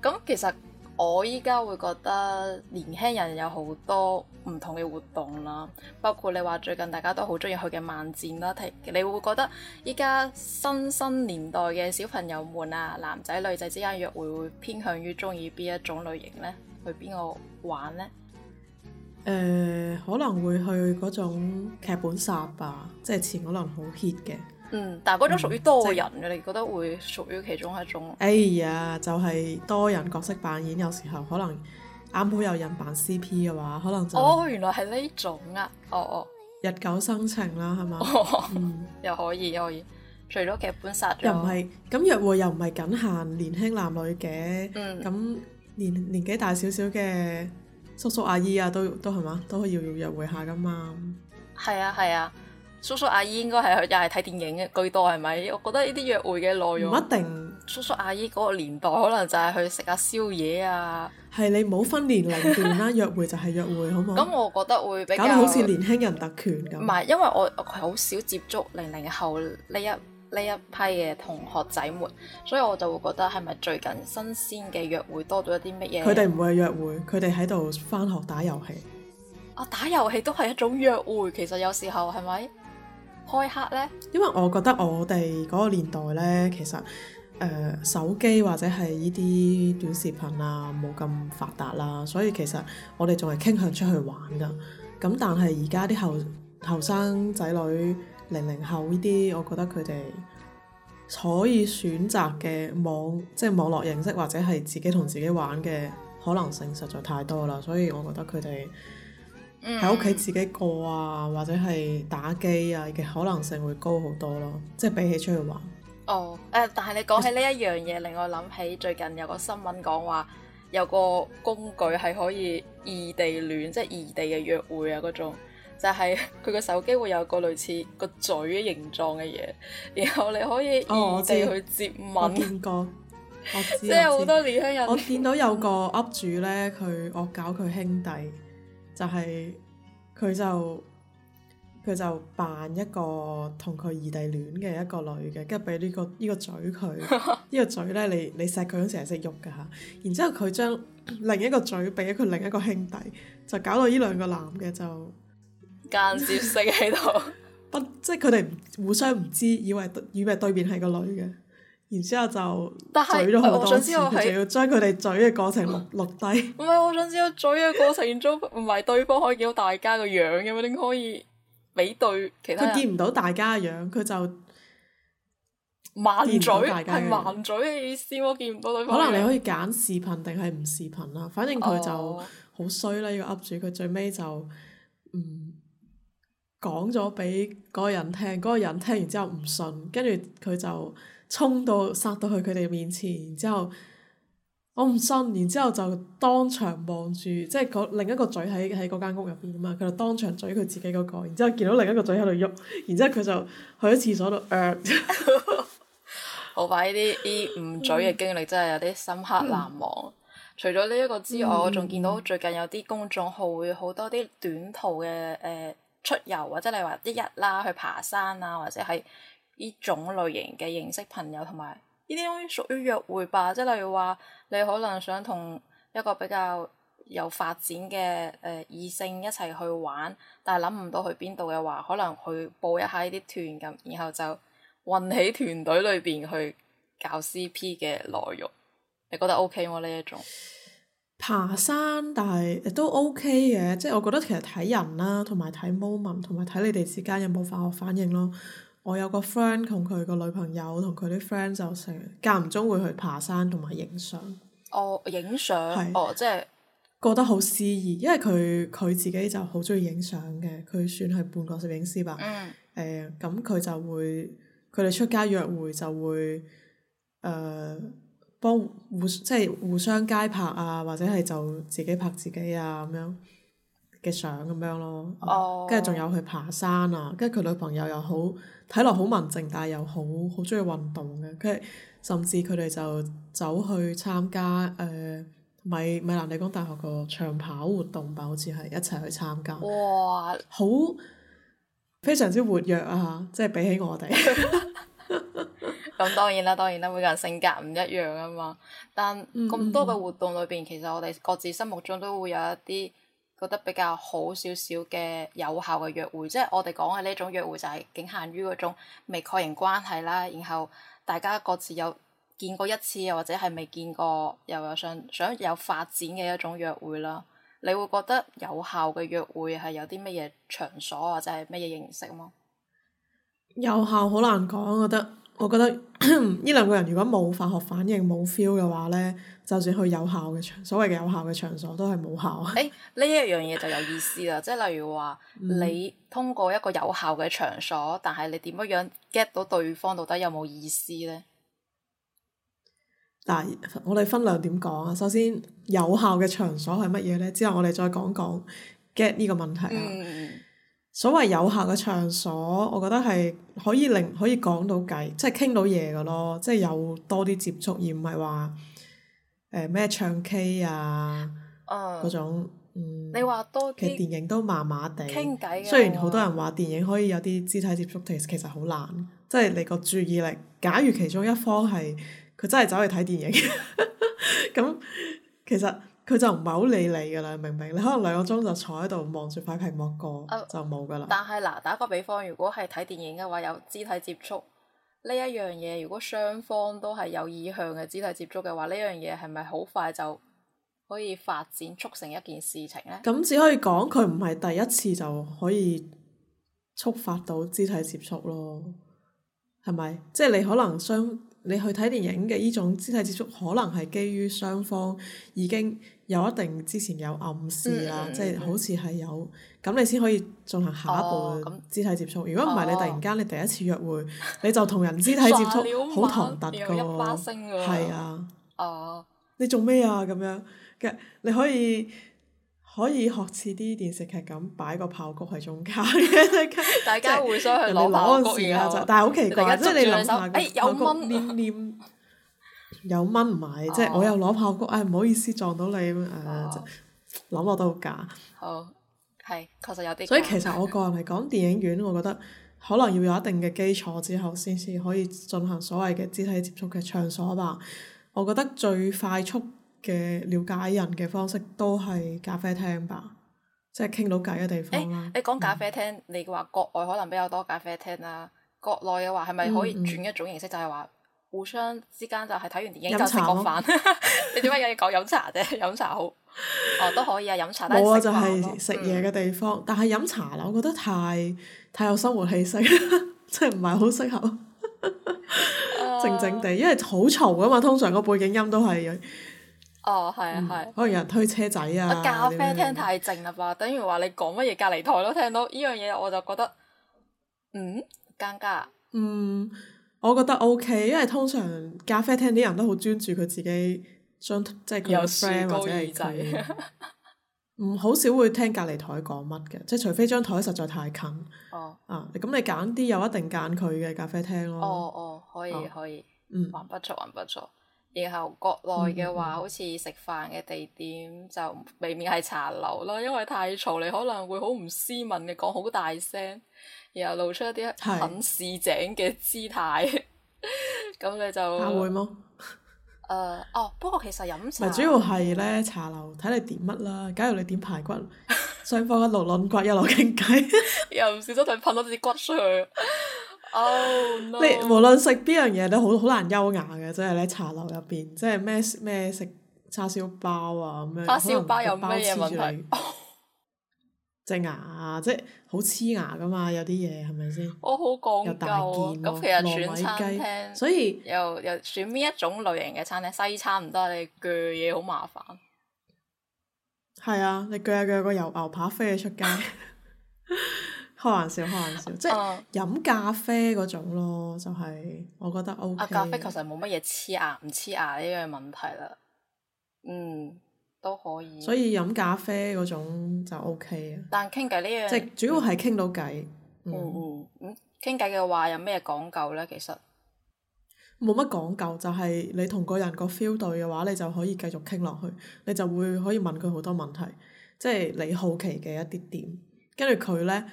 咁、 嗯、其實我依家會覺得年輕人有好多唔同嘅活動啦，包括你話最近大家都好中意去嘅漫展啦。你你會，會覺得依家新生年代嘅小朋友們啊，男仔女仔之間約會會偏向於中意邊一種類型呢？去邊個玩呢，呃？可能會去嗰種劇本殺吧，即係前可能好 hit 嘅。嗯，但係嗰種屬於多人嘅，嗯、你覺得會屬於其中一種？哎呀，就係、是、多人角色扮演，有時候可能啱好有人扮 CP 嘅話，可能就哦，原來係呢種啊，哦哦，日久生情啦，係嘛？哦嗯、又可以又可以，除咗劇本殺，又唔係咁約會，又唔係僅限年輕男女嘅，咁、嗯、年年紀大少少嘅叔叔阿姨啊，都都係嘛，都要約會下噶嘛？係啊，係啊。叔叔阿姨應該係去又係睇電影嘅居多，係咪？我覺得呢啲約會嘅內容唔一定、嗯。叔叔阿姨嗰個年代可能就係去食下宵夜啊。係你冇分年齡段啦， 約會就係約會，好唔好？咁我覺得會比較好似年輕人特權咁。唔係，因為我好少接觸零零後呢一呢一批嘅同學仔們，所以我就會覺得係咪最近新鮮嘅約會多咗一啲乜嘢？佢哋唔係約會，佢哋喺度返學打遊戲。啊！打遊戲都係一種約會，其實有時候係咪？是開黑咧？因為我覺得我哋嗰個年代咧，其實誒、呃、手機或者係依啲短視頻啊，冇咁發達啦，所以其實我哋仲係傾向出去玩噶。咁但係而家啲後後生仔女零零後呢啲，我覺得佢哋可以選擇嘅網即係、就是、網絡認識或者係自己同自己玩嘅可能性實在太多啦，所以我覺得佢哋。喺屋企自己過啊，或者係打機啊嘅可能性會高好多咯，即係比起出去玩。哦，誒，但係你講起呢一樣嘢，令我諗起最近有個新聞講話，有個工具係可以異地戀，即係異地嘅約會啊嗰種，就係佢個手機會有個類似個嘴嘅形狀嘅嘢，然後你可以異地去接吻。Oh, 我，我見過，我知。即係好多年輕人，我見到有個 up 主咧，佢惡搞佢兄弟。就係、是、佢就佢就扮一個同佢異地戀嘅一個女嘅，跟住俾呢個呢、這個嘴佢，呢 個嘴咧，你你錫佢嗰陣成日識喐㗎吓，然之後佢將另一個嘴俾佢另一個兄弟，就搞到呢兩個男嘅就間接性喺度， 即不即係佢哋互相唔知，以為以為對面係個女嘅。然之後就嘴咗好多，甚至仲要將佢哋嘴嘅過程錄低。唔係，我想知佢嘴嘅過， 過程中，唔係對方 可以見到大家個樣嘅咩？點可以比對其他人？佢見唔到大家嘅樣，佢就慢嘴係慢嘴嘅意思。我見唔到對方。可能你可以揀視頻定係唔視頻啦，反正佢就好衰啦。呢個噏住佢最尾就嗯講咗俾嗰個人聽，嗰、嗰個人聽完之後唔信，跟住佢就。衝到殺到去佢哋面前，然之後我唔信，然之後就當場望住，即係另一個嘴喺喺嗰間屋入邊啊嘛，佢就當場嘴佢自己嗰、嗰個，然之後見到另一個嘴喺度喐，然之後佢就去咗廁所度噏。好 快呢啲啲誤嘴嘅經歷、嗯、真係有啲深刻難忘。嗯、除咗呢一個之外，嗯、我仲見到最近有啲公眾號會好多啲短途嘅誒、呃、出遊，或者你話一日啦去爬山啊，或者係。呢種類型嘅認識朋友同埋呢啲，應該屬於約會吧。即係例如話，你可能想同一個比較有發展嘅誒、呃、異性一齊去玩，但係諗唔到去邊度嘅話，可能去報一下呢啲團咁，然後就運喺團隊裏邊去搞 C P 嘅內容，你覺得 O K 麼呢一種？爬山，但係都 O K 嘅，即係、OK 就是、我覺得其實睇人啦，同埋睇 moment，同埋睇你哋之間有冇化學反應咯。我有個 friend 同佢個女朋友同佢啲 friend 就成間唔中會去爬山同埋影相。哦，影相是哦，即係覺得好詩意，因為佢佢自己就好鍾意影相嘅，佢算係半個攝影師吧。嗯。誒、呃，咁佢就會佢哋出街約會就會誒幫、呃、互即係互相街拍啊，或者係就自己拍自己啊咁樣。嘅相咁樣咯，跟住仲有去爬山啊，跟住佢女朋友又好睇落好文靜，但係又好好中意運動嘅。跟住甚至佢哋就走去參加誒、呃、米米蘭理工大學個長跑活動吧，好似係一齊去參加。哇！好非常之活躍啊，即係比起我哋。咁 當然啦，當然啦，每個人性格唔一樣啊嘛。但咁多嘅活動裏邊，嗯嗯、其實我哋各自心目中都會有一啲。覺得比較好少少嘅有效嘅約會，即係我哋講嘅呢種約會就係僅限於嗰種未確認關係啦，然後大家各自有見過一次，又或者係未見過，又有想想有發展嘅一種約會啦。你會覺得有效嘅約會係有啲乜嘢場所或者係乜嘢形式嗎？有效好難講，我覺得。我覺得呢兩個人如果冇化學反應冇 feel 嘅話呢，就算去有效嘅場所，所謂嘅有效嘅場所都係冇效啊！誒，呢一樣嘢就有意思啦， 即係例如話、嗯、你通過一個有效嘅場所，但係你點樣 get 到對方到底有冇意思呢？嗱，我哋分兩點講啊。首先，有效嘅場所係乜嘢呢？之後我哋再講講 get 呢個問題啊。嗯所謂有客嘅場所，我覺得係可以令可以講到偈，即係傾到嘢嘅咯，即係有多啲接觸，而唔係話誒咩唱 K 啊嗰、uh, 種。嗯、你話多啲。其實電影都麻麻地，傾偈啊，雖然好多人話電影可以有啲肢體接觸，其實好難，即係你個注意力。假如其中一方係佢真係走去睇電影，咁 其實。佢就唔係好理你噶啦，明唔明？你可能兩個鐘就坐喺度望住塊屏幕過，oh, 就冇噶啦。但係嗱，打個比方，如果係睇電影嘅話，有肢體接觸呢一樣嘢，如果雙方都係有意向嘅肢體接觸嘅話，呢樣嘢係咪好快就可以發展促成一件事情呢？咁只可以講佢唔係第一次就可以觸發到肢體接觸咯，係咪？即係你可能相。你去睇電影嘅呢種肢體接觸，可能係基於雙方已經有一定之前有暗示啦、啊，即係、嗯嗯、好似係有咁，你先可以進行下一步嘅肢體接觸。如果唔係，你突然間你第一次約會，你就同人肢體接觸，好唐突噶，係啊，哦、你做咩啊咁樣嘅？你可以。可以學似啲電視劇咁，擺個炮谷喺中間嘅，大家互相去攞炮谷，然後就，但係好奇怪，即係你諗下，有蚊，念念有蚊唔係，即係我又攞炮谷，唉，唔好意思撞到你，唉，就諗落都好假，係確實有啲。所以其實我個人嚟講，電影院我覺得可能要有一定嘅基礎之後，先至可以進行所謂嘅肢體接觸嘅場所吧。我覺得最快速嘅了解人嘅方式都係咖啡廳吧，即係傾到偈嘅地方，啊欸、你講咖啡廳，嗯、你話國外可能比較多咖啡廳啦、啊，國內嘅話係咪可以轉一種形式，嗯嗯，就係話互相之間就係睇完電影就食個飯？茶 你點解又要講飲茶啫？飲茶好，哦都可以啊，飲茶。冇啊，就係食嘢嘅地方，嗯、但係飲茶啦，我覺得太太有生活氣息，即係唔係好適合靜靜地，因為好嘈㗎嘛，通常個背景音都係。哦，係啊，係、嗯。可能有人推車仔啊。嗯、咖啡廳太靜啦吧？等於話你講乜嘢，隔離台都聽到。呢樣嘢我就覺得，嗯，尷尬。嗯，我覺得 OK，因為通常咖啡廳啲人都好專注佢自己張，即係佢嘅 friend 或者，有豎高耳仔。唔 好、嗯、少會聽隔離台講乜嘅，即係除非張台實在太近。哦。啊，咁你揀啲有一定間距嘅咖啡廳咯。哦哦，可以、哦、可以。嗯。還不錯還不錯。 然後國內嘅話，嗯、好似食飯嘅地點就未免係茶樓啦，因為太嘈，你可能會好唔斯文嘅講好大聲，然後露出一啲好市井嘅姿態。咁是 你就吓會麼？不過其實飲茶唔係主要係咧茶樓，睇你點乜啦。假如你點排骨， 雙方一路亂一路 一路骨，一路傾偈，又唔小心對噴多啲骨碎。哦，oh, no. 你無論食邊樣嘢都好，好難優雅嘅，即係你喺茶樓入邊，即係咩咩食叉燒包啊咁樣，叉燒包，包有咩嘢問題？隻 牙啊，即係好黐牙㗎嘛，有啲嘢係咪先？我、oh, 好講究、啊，咁其實選餐廳，所以又又選邊一種類型嘅餐廳？以西餐唔得，你鋸嘢好麻煩。係啊，你鋸下鋸下個油牛扒飛你出街。開玩笑，開玩笑，即係、嗯、飲咖啡嗰種咯，就係、是、我覺得 OK。啊，咖啡其實冇乜嘢黐牙唔黐牙呢樣問題啦，嗯，都可以。所以飲咖啡嗰種就 OK 啊。但傾偈呢樣即係主要係傾到偈。嗯嗯。咁傾偈嘅話有咩講究呢？其實冇乜講究，就係、是、你同個人個 feel 對嘅話，你就可以繼續傾落去，你就會可以問佢好多問題，即係你好奇嘅一啲點，跟住佢咧。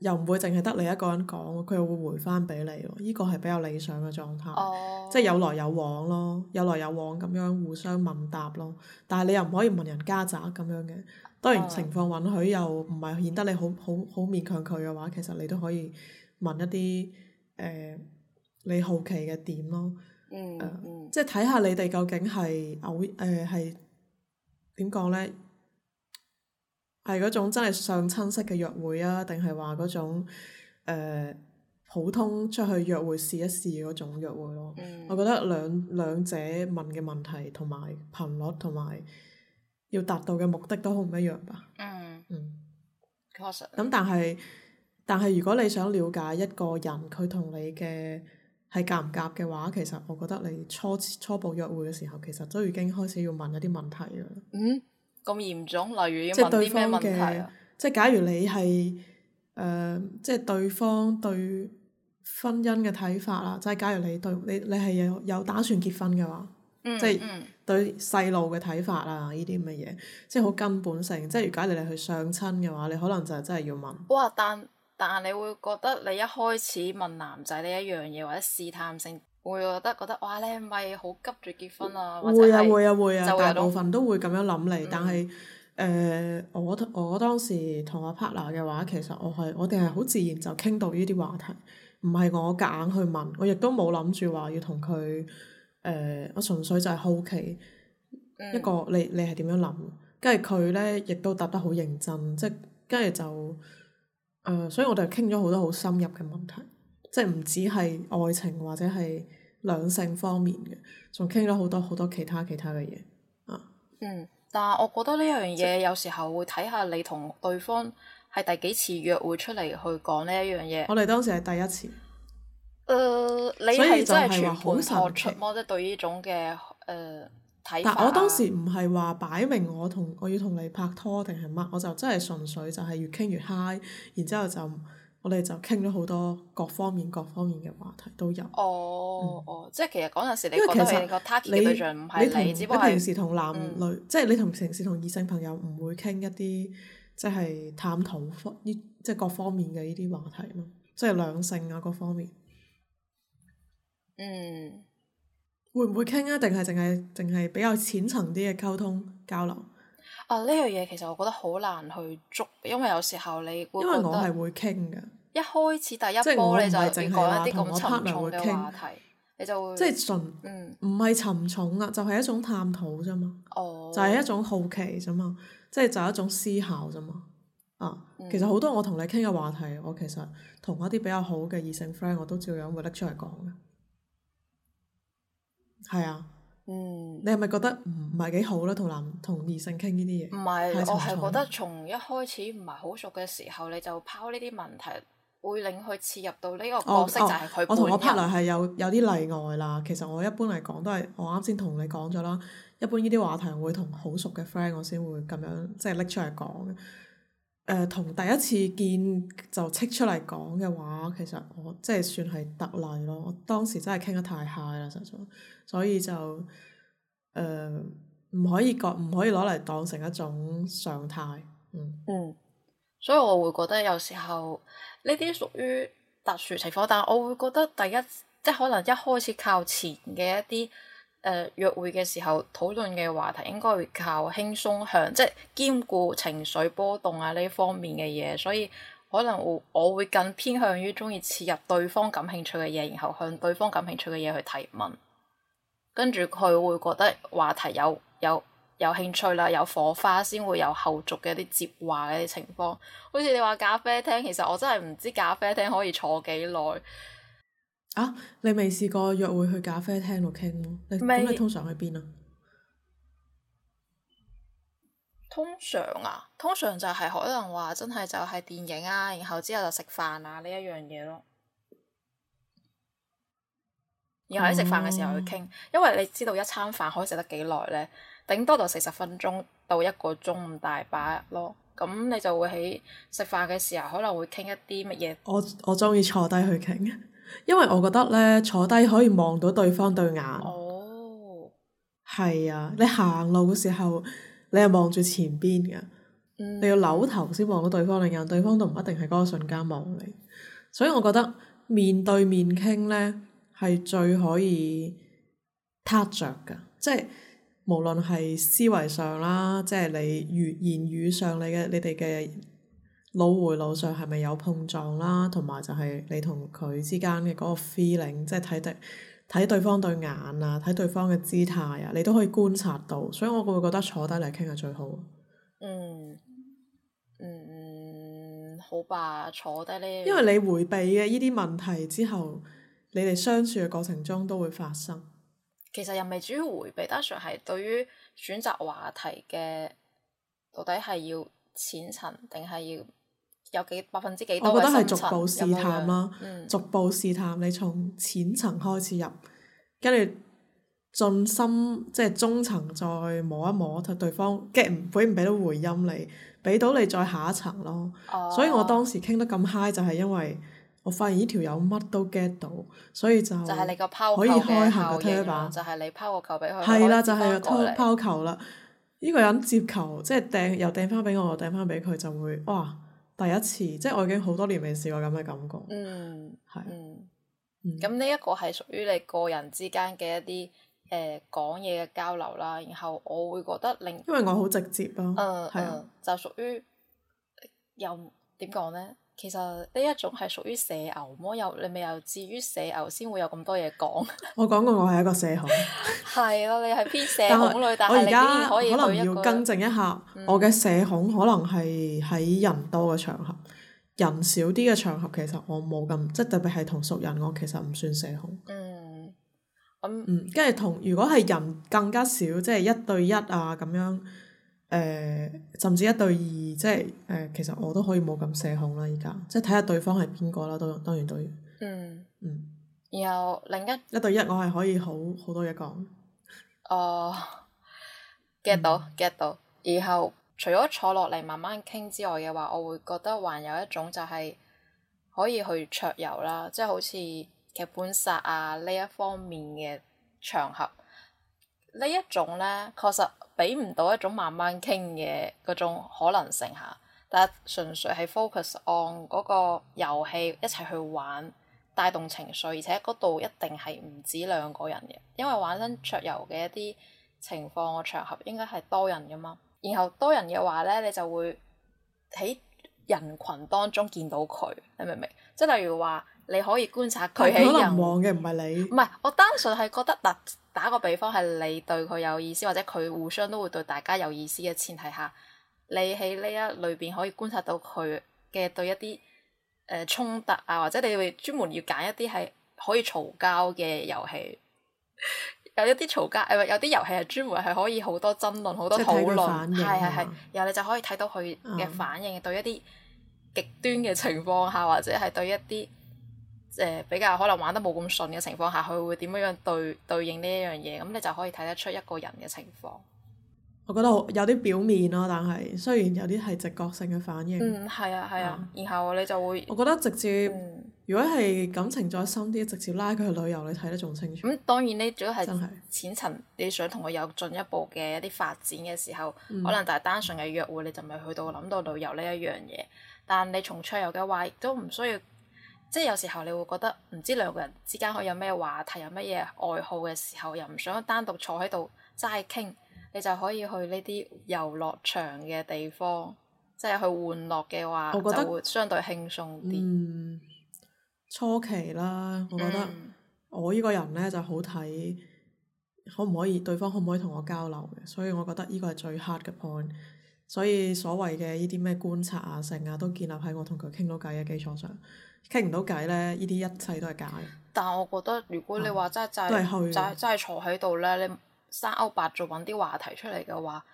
又唔會淨係得你一個人講，佢又會回翻畀你喎。呢、呢個係比較理想嘅狀態，oh. 即係有來有往咯，有來有往咁樣互相問答咯。但係你又唔可以問人家咋咁樣嘅。當然情況允許、oh, right. 又唔係顯得你好好好勉強佢嘅話，其實你都可以問一啲誒、呃、你好奇嘅點咯。Mm hmm. 呃、即係睇下你哋究竟係偶誒係點講咧？呃係嗰種真係相親式嘅約會啊，定係話嗰種誒、呃、普通出去約會試一試嗰種約會咯、啊。嗯、我覺得兩兩者問嘅問題同埋頻率同埋要達到嘅目的都好唔一樣吧。嗯。嗯。確實、嗯。咁、嗯、但係但係，如果你想了解一個人，佢同你嘅係夾唔夾嘅話，其實我覺得你初初步約會嘅時候，其實都已經開始要問一啲問題㗎啦。嗯。咁嚴重，例如要問即問啲咩問題？即係假如你係誒、呃，即係對方對婚姻嘅睇法啦。即、就、係、是、假如你對你你係有有打算結婚嘅話，嗯、即係對細路嘅睇法啊，呢啲咁嘅嘢，即係好根本性。即係如果你哋去相親嘅話，你可能就係真係要問。哇！但但係你會覺得你一開始問男仔呢一樣嘢，或者試探性？會覺得覺得，哇，你係咪好急住結婚啊！會啊會啊會啊！會啊會啊，大部分都會咁樣諗你。嗯、但係誒、呃、我我當時同阿 partner 嘅話，其實我係我哋係好自然就傾到呢啲話題，唔係我夾硬去問，我亦都冇諗住話要同佢誒，我純粹就係好奇一個你你係點樣諗，跟住佢咧亦都答得好認真，即係跟住就誒、呃，所以我哋傾咗好多好深入嘅問題，即係唔止係愛情或者係。兩性方面嘅，仲傾咗好多好多其他其他嘅嘢啊。嗯，但係我覺得呢樣嘢有時候會睇下你同對方係第幾次約會出嚟去講呢一樣嘢。我哋當時係第一次。誒、呃，你係真係全盤托出，即係對呢種嘅誒睇法，啊。但我當時唔係話擺明我同我要同你拍拖定係乜，我就真係純粹就係越傾越嗨，然之後就。我哋就傾咗好多各方面、各方面嘅話題都有。哦、oh, 嗯、哦，即係其實嗰陣時你對你個 target 對象唔係你，你同只不過你平時同男女，嗯、即係你同平時同異性朋友唔會傾一啲即係探討方呢，即係各方面嘅呢啲話題咯，即係兩性啊各方面。嗯。會唔會傾啊？定係淨係淨係比較淺層啲嘅溝通交流？啊！呢樣嘢其實我覺得好難去捉，因為有時候你因為我係會傾噶。一開始第一波咧就淨係講一啲咁沉重嘅話題，你就會即係純唔係、嗯、沉重啊，就係、是、一種探討啫嘛，哦、就係一種好奇啫嘛，即係就係、是、一種思考啫嘛。啊，其實好多我同你傾嘅話題，嗯、我其實同一啲比較好嘅異性 friend 我都照樣會拎出嚟講嘅。係啊，嗯，你係咪覺得唔唔係幾好呢？同男同異性傾呢啲嘢？唔係是，我係覺得從一開始唔係好熟嘅時候，你就拋呢啲問題。會令佢切入到呢個角色，oh, oh, 就係佢本身。我同我 partner 係有有啲例外啦。其實我一般嚟講都係，我啱先同你講咗啦。一般呢啲話題我會同好熟嘅 friend，我先會咁樣即係拎出嚟講。誒、呃，同第一次見就斥出嚟講嘅話，其實我即係算係特例咯。我當時真係傾得太 high 啦，實在，所以就誒唔、呃、可以講，唔可以攞嚟當成一種常態。嗯。嗯。所以我會覺得有時候呢啲屬於特殊情況，但我會覺得第一，即係可能一開始靠前嘅一啲誒、呃、約會嘅時候討論嘅話題應該會靠輕鬆向，即係兼顧情緒波動啊呢方面嘅嘢，所以可能我會更偏向於鍾意切入對方感興趣嘅嘢，然後向對方感興趣嘅嘢去提問，跟住佢會覺得話題有有有興趣啦，有火花先會有後續嘅一啲接話嘅情況。好似你話咖啡廳，其實我真係唔知咖啡廳可以坐幾耐。啊！你未試過約會去咖啡廳度傾咩？你咁沒你通常去邊啊？通常啊，通常就係可能話真係就係電影啊，然後之後就食飯啊呢一樣嘢咯。然後喺食飯嘅時候去傾，嗯、因為你知道一餐飯可以食得幾耐呢。頂多就四十分鐘到一個鐘咁大把咯，咁你就會喺食飯嘅時候可能會傾一啲乜嘢。我我鍾意坐低去傾，因為我覺得咧坐低可以望到對方對眼。哦，係啊！你行路嘅時候，你係望住前邊嘅，嗯、你要扭頭先望到對方對眼，對方都唔一定係嗰個瞬間望你，嗯、所以我覺得面對面傾咧係最可以撻着噶，即係。無論係思維上啦，即係你語言語上你嘅你哋嘅腦回路上係咪有碰撞啦，同埋就係你同佢之間嘅嗰個 feeling，即係睇對睇對方對眼啊，睇對方嘅姿態啊，你都可以觀察到，所以我會覺得坐低嚟傾係最好。嗯，嗯，嗯，好吧，坐低呢。因為你迴避嘅呢啲問題之後，你哋相處嘅過程中都會發生。其實又未主要回避，多數係對於選擇話題嘅到底係要淺層定係要有幾百分之幾多？我覺得係逐步試探啦，嗯、逐步試探，你從淺層開始入，跟住進深，即係中層再摸一摸，睇對方 get 唔俾唔俾到回音你，俾到你再下一層咯。哦、所以我當時傾得咁嗨，就係因為。我發現呢條友乜都 get 到，所以就可以開下個推吧就係你，吧你拋個球畀佢，的可係啦，就係拋球啦！呢、這個人接球，嗯、即係掟又掟翻畀我，掟翻畀佢就會哇！第一次即係我已經好多年未試過咁嘅感覺。嗯，係的。嗯。咁呢一個係屬於你個人之間嘅一啲誒、呃、講嘢嘅交流啦，然後我會覺得令因為我好直接咯、啊，係啊、嗯嗯，就屬於又點講呢？其實呢一種係屬於社牛麼？又你咪又至於社牛先會有咁多嘢講。 我講過我係一個社恐。係啊， 你係偏社恐類，但係我而家可，可能要更正一下，我嘅社恐可能係喺人多嘅場合，嗯、人少啲嘅場合其實我冇咁，即係特別係同熟人我其實唔算社恐，嗯。嗯。咁。嗯，跟住同如果係人更加少，即係一對一啊咁樣。誒、呃，甚至一對二，即係誒、呃，其實我都可以冇咁社恐啦，而家，即係睇下對方係邊個啦。當當然對，嗯嗯。然後另一一對一，我係可以好好多嘢講。哦，get 到 get 到。然後除咗坐落嚟慢慢傾之外嘅話，我會覺得還有一種就係可以去桌遊啦，即係好似劇本殺啊呢一方面嘅場合。呢一種呢，確實畀唔到一種慢慢傾嘅嗰種可能性吓。但純粹係 focus on 嗰個遊戲一齊去玩，帶動情緒，而且嗰度一定係唔止兩個人嘅，因為玩緊桌遊嘅一啲情況嘅場合應該係多人㗎嘛。然後多人嘅話呢，你就會喺人群當中見到佢，你明唔明？即係例如話。你可以觀察佢喺人，嘅，唔係你。唔係，我單純係覺得，嗱，打個比方係你對佢有意思，或者佢互相都會對大家有意思嘅前提下，你喺呢一裏邊可以觀察到佢嘅對一啲誒、呃、衝突啊，或者你會專門要揀一啲係可以嘈交嘅遊戲， 有一啲嘈交，誒，有啲遊戲係專門係可以好多爭論、好多討論，係係係，然後你就可以睇到佢嘅反應、嗯、對一啲極端嘅情況下，或者係對一啲。誒、呃、比較可能玩得冇咁順嘅情況下，佢會點樣樣對對應呢一樣嘢，咁你就可以睇得出一個人嘅情況。我覺得有啲表面咯，但係雖然有啲係直覺性嘅反應。嗯，係啊，係啊，但然後你就會。我覺得直接，嗯、如果係感情再深啲，直接拉佢去旅遊，你睇得仲清楚。咁、嗯、當然咧，主要係淺層，你想同佢有進一步嘅一啲發展嘅時候，嗯、可能就係單純嘅約會，你就未去到諗到旅遊呢一樣嘢。但你從出遊嘅話，亦都唔需要。即係有時候你會覺得唔知兩個人之間可以有咩話題，有乜嘢愛好嘅時候，又唔想單獨坐喺度齋傾，你就可以去呢啲遊樂場嘅地方，即係去玩樂嘅話，就會相對輕鬆啲。初期啦，我覺得我呢個人咧就好睇可唔可以對方可唔可以同我交流嘅，所以我覺得呢個係最黑嘅 point。所以所謂嘅呢啲咩觀察啊、成啊，都建立喺我同佢傾到偈嘅基礎上。傾唔到偈咧，呢啲一切都係假嘅。但係我覺得，如果你話真係、啊、真係真係坐喺度咧，你生歐八做揾啲話題出嚟嘅話，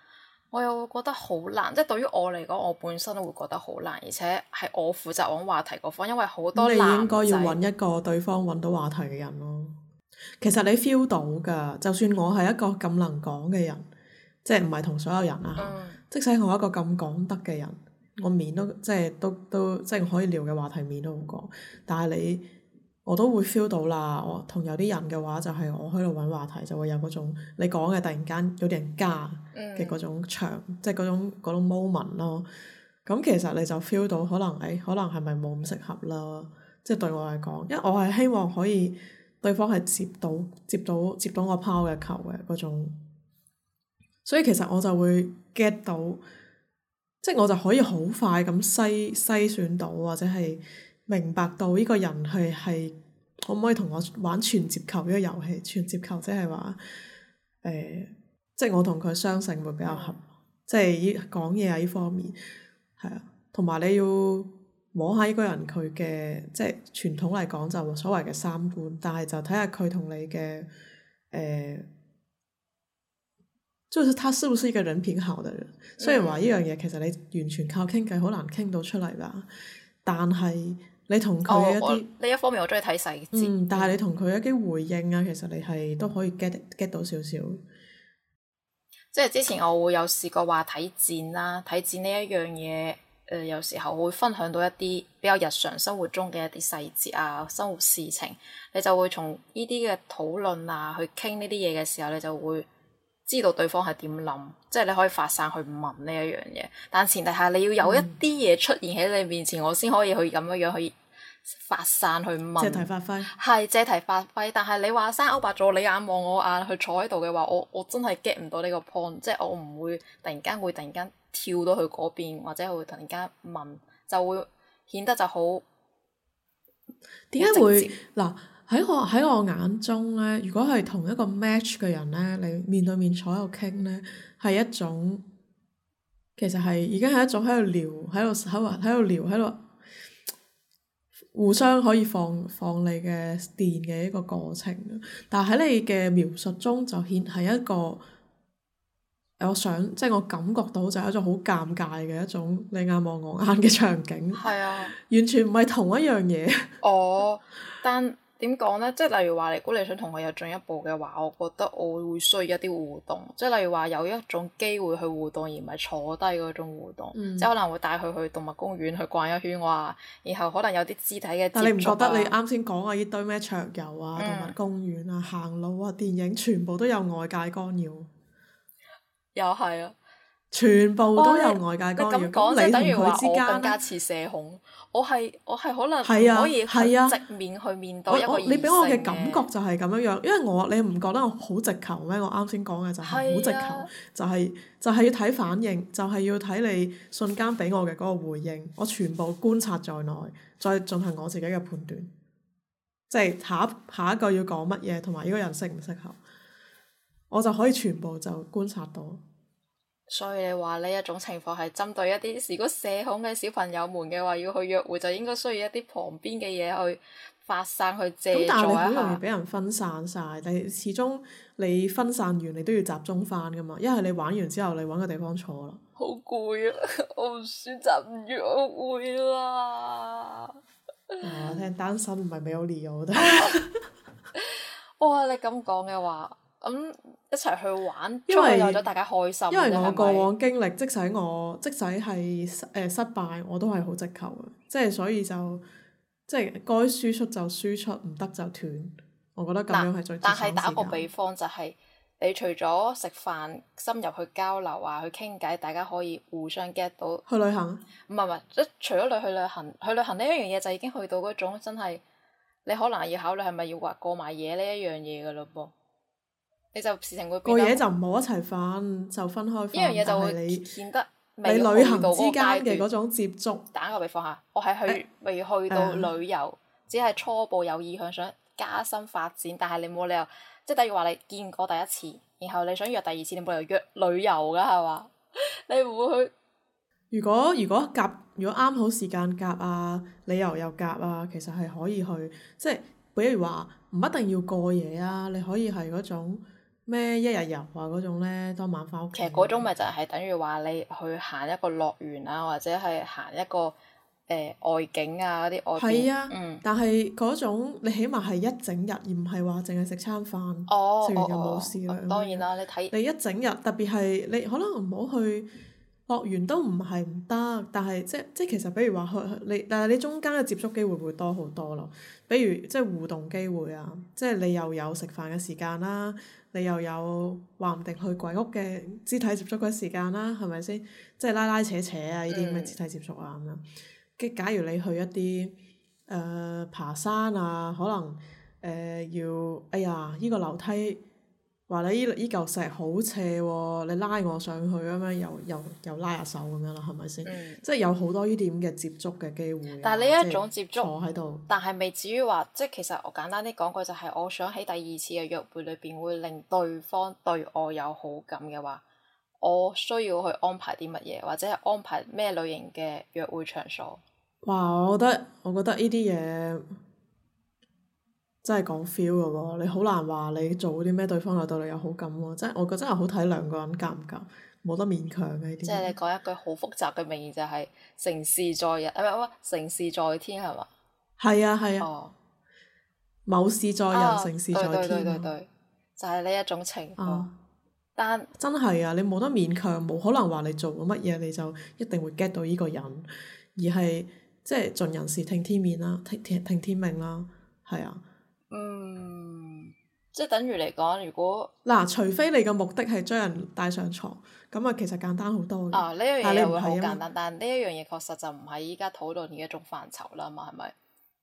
我又會覺得好難。即係對於我嚟講，我本身都會覺得好難，而且係我負責揾話題嗰方，因為好多、嗯、男仔、你應該要揾一個對方揾到話題嘅人咯、哦。其實你 feel 到㗎，就算我係一個咁能講嘅人，嗯、即係唔係同所有人啊。嗯即使我一個咁講得嘅人，我面都即係都都即係可以聊嘅話題面都好廣，但係你我都會 feel 到啦。我同有啲人嘅話就係、是、我喺度揾話題，就會有嗰種你講嘅突然間有啲人加嘅嗰種場，嗯、即係嗰種、那個、moment 咯。咁其實你就 feel 到可能誒，可能係咪冇咁適合啦？即係對我嚟講，因為我係希望可以對方係接到接到接到我拋嘅球嘅嗰種，所以其實我就會。get 到，即係我就可以好快咁篩篩選到，或者係明白到呢個人係係可唔可以同我玩全接球呢個遊戲？全接球即係話，誒、呃，即係我同佢相性會比較合，即係呢講嘢啊呢方面，係啊，同埋你要摸下呢個人佢嘅，即係傳統嚟講就所謂嘅三觀，但係就睇下佢同你嘅誒。呃即係佢，是他是不是一個人品好的人？嗯、雖然話依樣嘢其實你完全靠傾偈好難傾到出嚟吧。但係你同佢一啲呢一方面，我中意睇細節。嗯、但係你同佢一啲回應啊，其實你係都可以 get get 到少少。嗯、即係之前我會有試過話睇展啦，睇展呢一樣嘢，誒、呃、有時候會分享到一啲比較日常生活中嘅一啲細節啊，生活事情，你就會從依啲嘅討論啊去傾呢啲嘢嘅時候，你就會。知道對方係點諗，即係你可以發散去問呢一樣嘢，但前提係你要有一啲嘢出現喺你面前，嗯、我先可以去咁樣樣去發散去問。借題發揮。係借題發揮，但係你話生歐白咗，你眼望我眼去坐喺度嘅話，我我真係 get 唔到呢個 point，即係我唔會突然間會突然間跳到去嗰邊，或者會突然間問，就會顯得就好。點解會？嗱。喺我，我眼中，如果係同一個 match 嘅人咧，你面對面坐喺度傾呢係一種其實係已經係一種喺度聊喺度喺度喺度聊喺度互相可以放放你嘅電嘅一個過程。但係喺你嘅描述中就顯係一個，我想即係我感覺到就係一種好尷尬嘅一種你眼望我眼嘅場景。係啊，完全唔係同一樣嘢。我但。點講呢？即係例如話，如果你想同佢有進一步嘅話，我覺得我會需要一啲互動。即係例如話，有一種機會去互動，而唔係坐低嗰種互動。嗯、即係可能會帶佢去動物公園去逛一圈哇！然後可能有啲肢體嘅接觸。但你唔覺得？你啱先講嘅呢堆咩桌遊啊、游啊嗯、動物公園啊、行路啊、電影，全部都有外界干擾。又係啊！全部都有外界干擾。你咁講，即等於話我更加似社恐。我係我係可能可以去直面去面對一個異性嘅，啊啊、你畀我嘅感覺就係咁樣樣，因為我你唔覺得我好直球咩？我啱先講嘅就係好直球，啊就是，就係就係要睇反應，就係、是、要睇你瞬間畀我嘅嗰個回應，我全部觀察在內，再進行我自己嘅判斷。即、就、係、是、下下一個要講乜嘢，同埋呢個人適唔適合，我就可以全部就觀察到。所以你話呢一種情況係針對一啲如果社恐嘅小朋友們嘅話，要去約會，就應該需要一啲旁邊嘅嘢去發散去借助一下。咁但係你好容易俾人分散晒，但係始終你分散完，你都要集中返噶嘛。一係你玩完之後，你揾個地方坐啦。好攰啊！我唔選擇唔約會啦。我、 啊、聽單身唔係冇理由嘅。 哇！你咁講嘅話。咁、嗯、一齊去玩，因為有咗大家開心。因為，因為我是是過往經歷，即使我即使係失失敗，我都係好直極嘅，即係所以就即係該輸出就輸出，唔得就斷。我覺得咁樣係但最珍惜時間但係打個比方就係、是，你除咗食飯深入去交流啊，去傾偈，大家可以互相 get 到。去旅行？唔係唔係，即除咗你去旅行，去旅行呢一樣嘢就已經去到嗰種真係你可能要考慮係咪要話過埋夜呢一樣嘢嘅嘞噃。你就事情會過夜就唔好一齊瞓，就分開瞓。呢樣嘢就會你見得你旅行之間嘅嗰種接觸。打個比方下，我係去、欸、未去到旅遊，嗯、只係初步有意向想加深發展，但係你冇理由，即係例如話你見過第一次，然後你想約第二次，你冇理由約旅遊㗎係嘛？ 你唔會去？如果如果夾如果啱好時間夾啊，旅遊又夾啊，其實係可以去，即係比如話唔一定要過夜啊，你可以係嗰種。咩一日遊啊嗰種呢？當晚翻屋企。其實嗰種咪就係等於話你去行一個樂園啊，或者係行一個誒、呃、外景啊嗰啲外景。係啊，嗯、但係嗰種你起碼係一整日，而唔係話淨係食餐飯，哦、完就冇事、哦哦哦哦、當然啦，你睇你一整日，特別係你可能唔好去。學完都唔係唔得，但係即係即係其實，比如話去去你，但係你中間嘅接觸機會會，會多好多咯。比如即係互動機會啊，即係你又有食飯嘅時間啦，你又有話唔定去鬼屋嘅肢體接觸嘅啲時間啦，係咪先？即係拉拉扯扯啊，呢啲咁嘅肢體接觸啊咁、嗯、樣。跟假如你去一啲誒、呃、爬山啊，可能誒、呃、要哎呀呢、這個樓梯。話你依依嚿石好斜喎，你拉我上去咁樣，又又又拉下手咁樣啦，係咪先？嗯、即係有好多呢啲嘅接觸嘅機會。但係呢一種是接觸，坐喺度，但係未至於話，即係其實我簡單啲講句，就係我想喺第二次嘅約會裏邊會令對方對我有好感嘅話，我需要去安排啲乜嘢，或者係安排咩類型嘅約會場所？哇！我覺得我覺得呢啲嘢～、嗯真係講 feel 嘅喎，你好難話你做嗰啲咩，對方又對你有好感喎。真係我覺得真係好睇兩個人夾唔夾，冇得勉強嘅呢啲。即係你講一句好複雜嘅名言，就係，就係成事在人，誒唔係唔係成事在天，係嘛？係啊係啊。啊哦、謀事在人，成事在天，啊啊。對對對，對，對就係呢一種情況。單、啊。但真係啊！你冇得勉強，冇可能話你做咗乜嘢你就一定會 get 到呢個人，而係即係盡人事聽天面啦，啊，聽聽聽天命啦，係啊。嗯，即係等於嚟講，如果嗱、啊，除非你嘅目的係將人帶上床，咁啊，其實簡單好多。啊，呢樣嘢又會好簡單，但係呢一樣嘢確實就唔係依家討論嘅一種範疇啦嘛，係咪？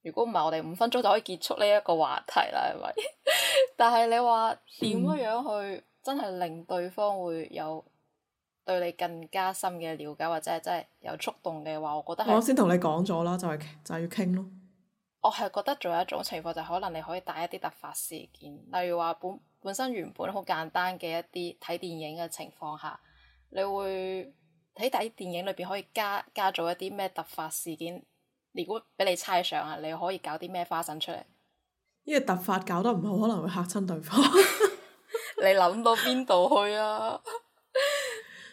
如果唔係，我哋五分鐘就可以結束呢一個話題啦，係咪？ 但係你話點樣去真係令對方會有對你更加深嘅了解，或者係真係有觸動嘅話，我覺得我先同你講咗啦，就係、是、就係、是、要傾咯。我係覺得仲有一種情況，就可能你可以帶一啲突發事件。例如話本本身原本好簡單嘅一啲睇電影嘅情況下，你會喺睇電影裏邊可以加加做一啲咩突發事件？如果俾你猜想啊，你可以搞啲咩花臣出嚟？因為突發搞得唔好，可能會嚇親對方。 你諗到邊度去啊？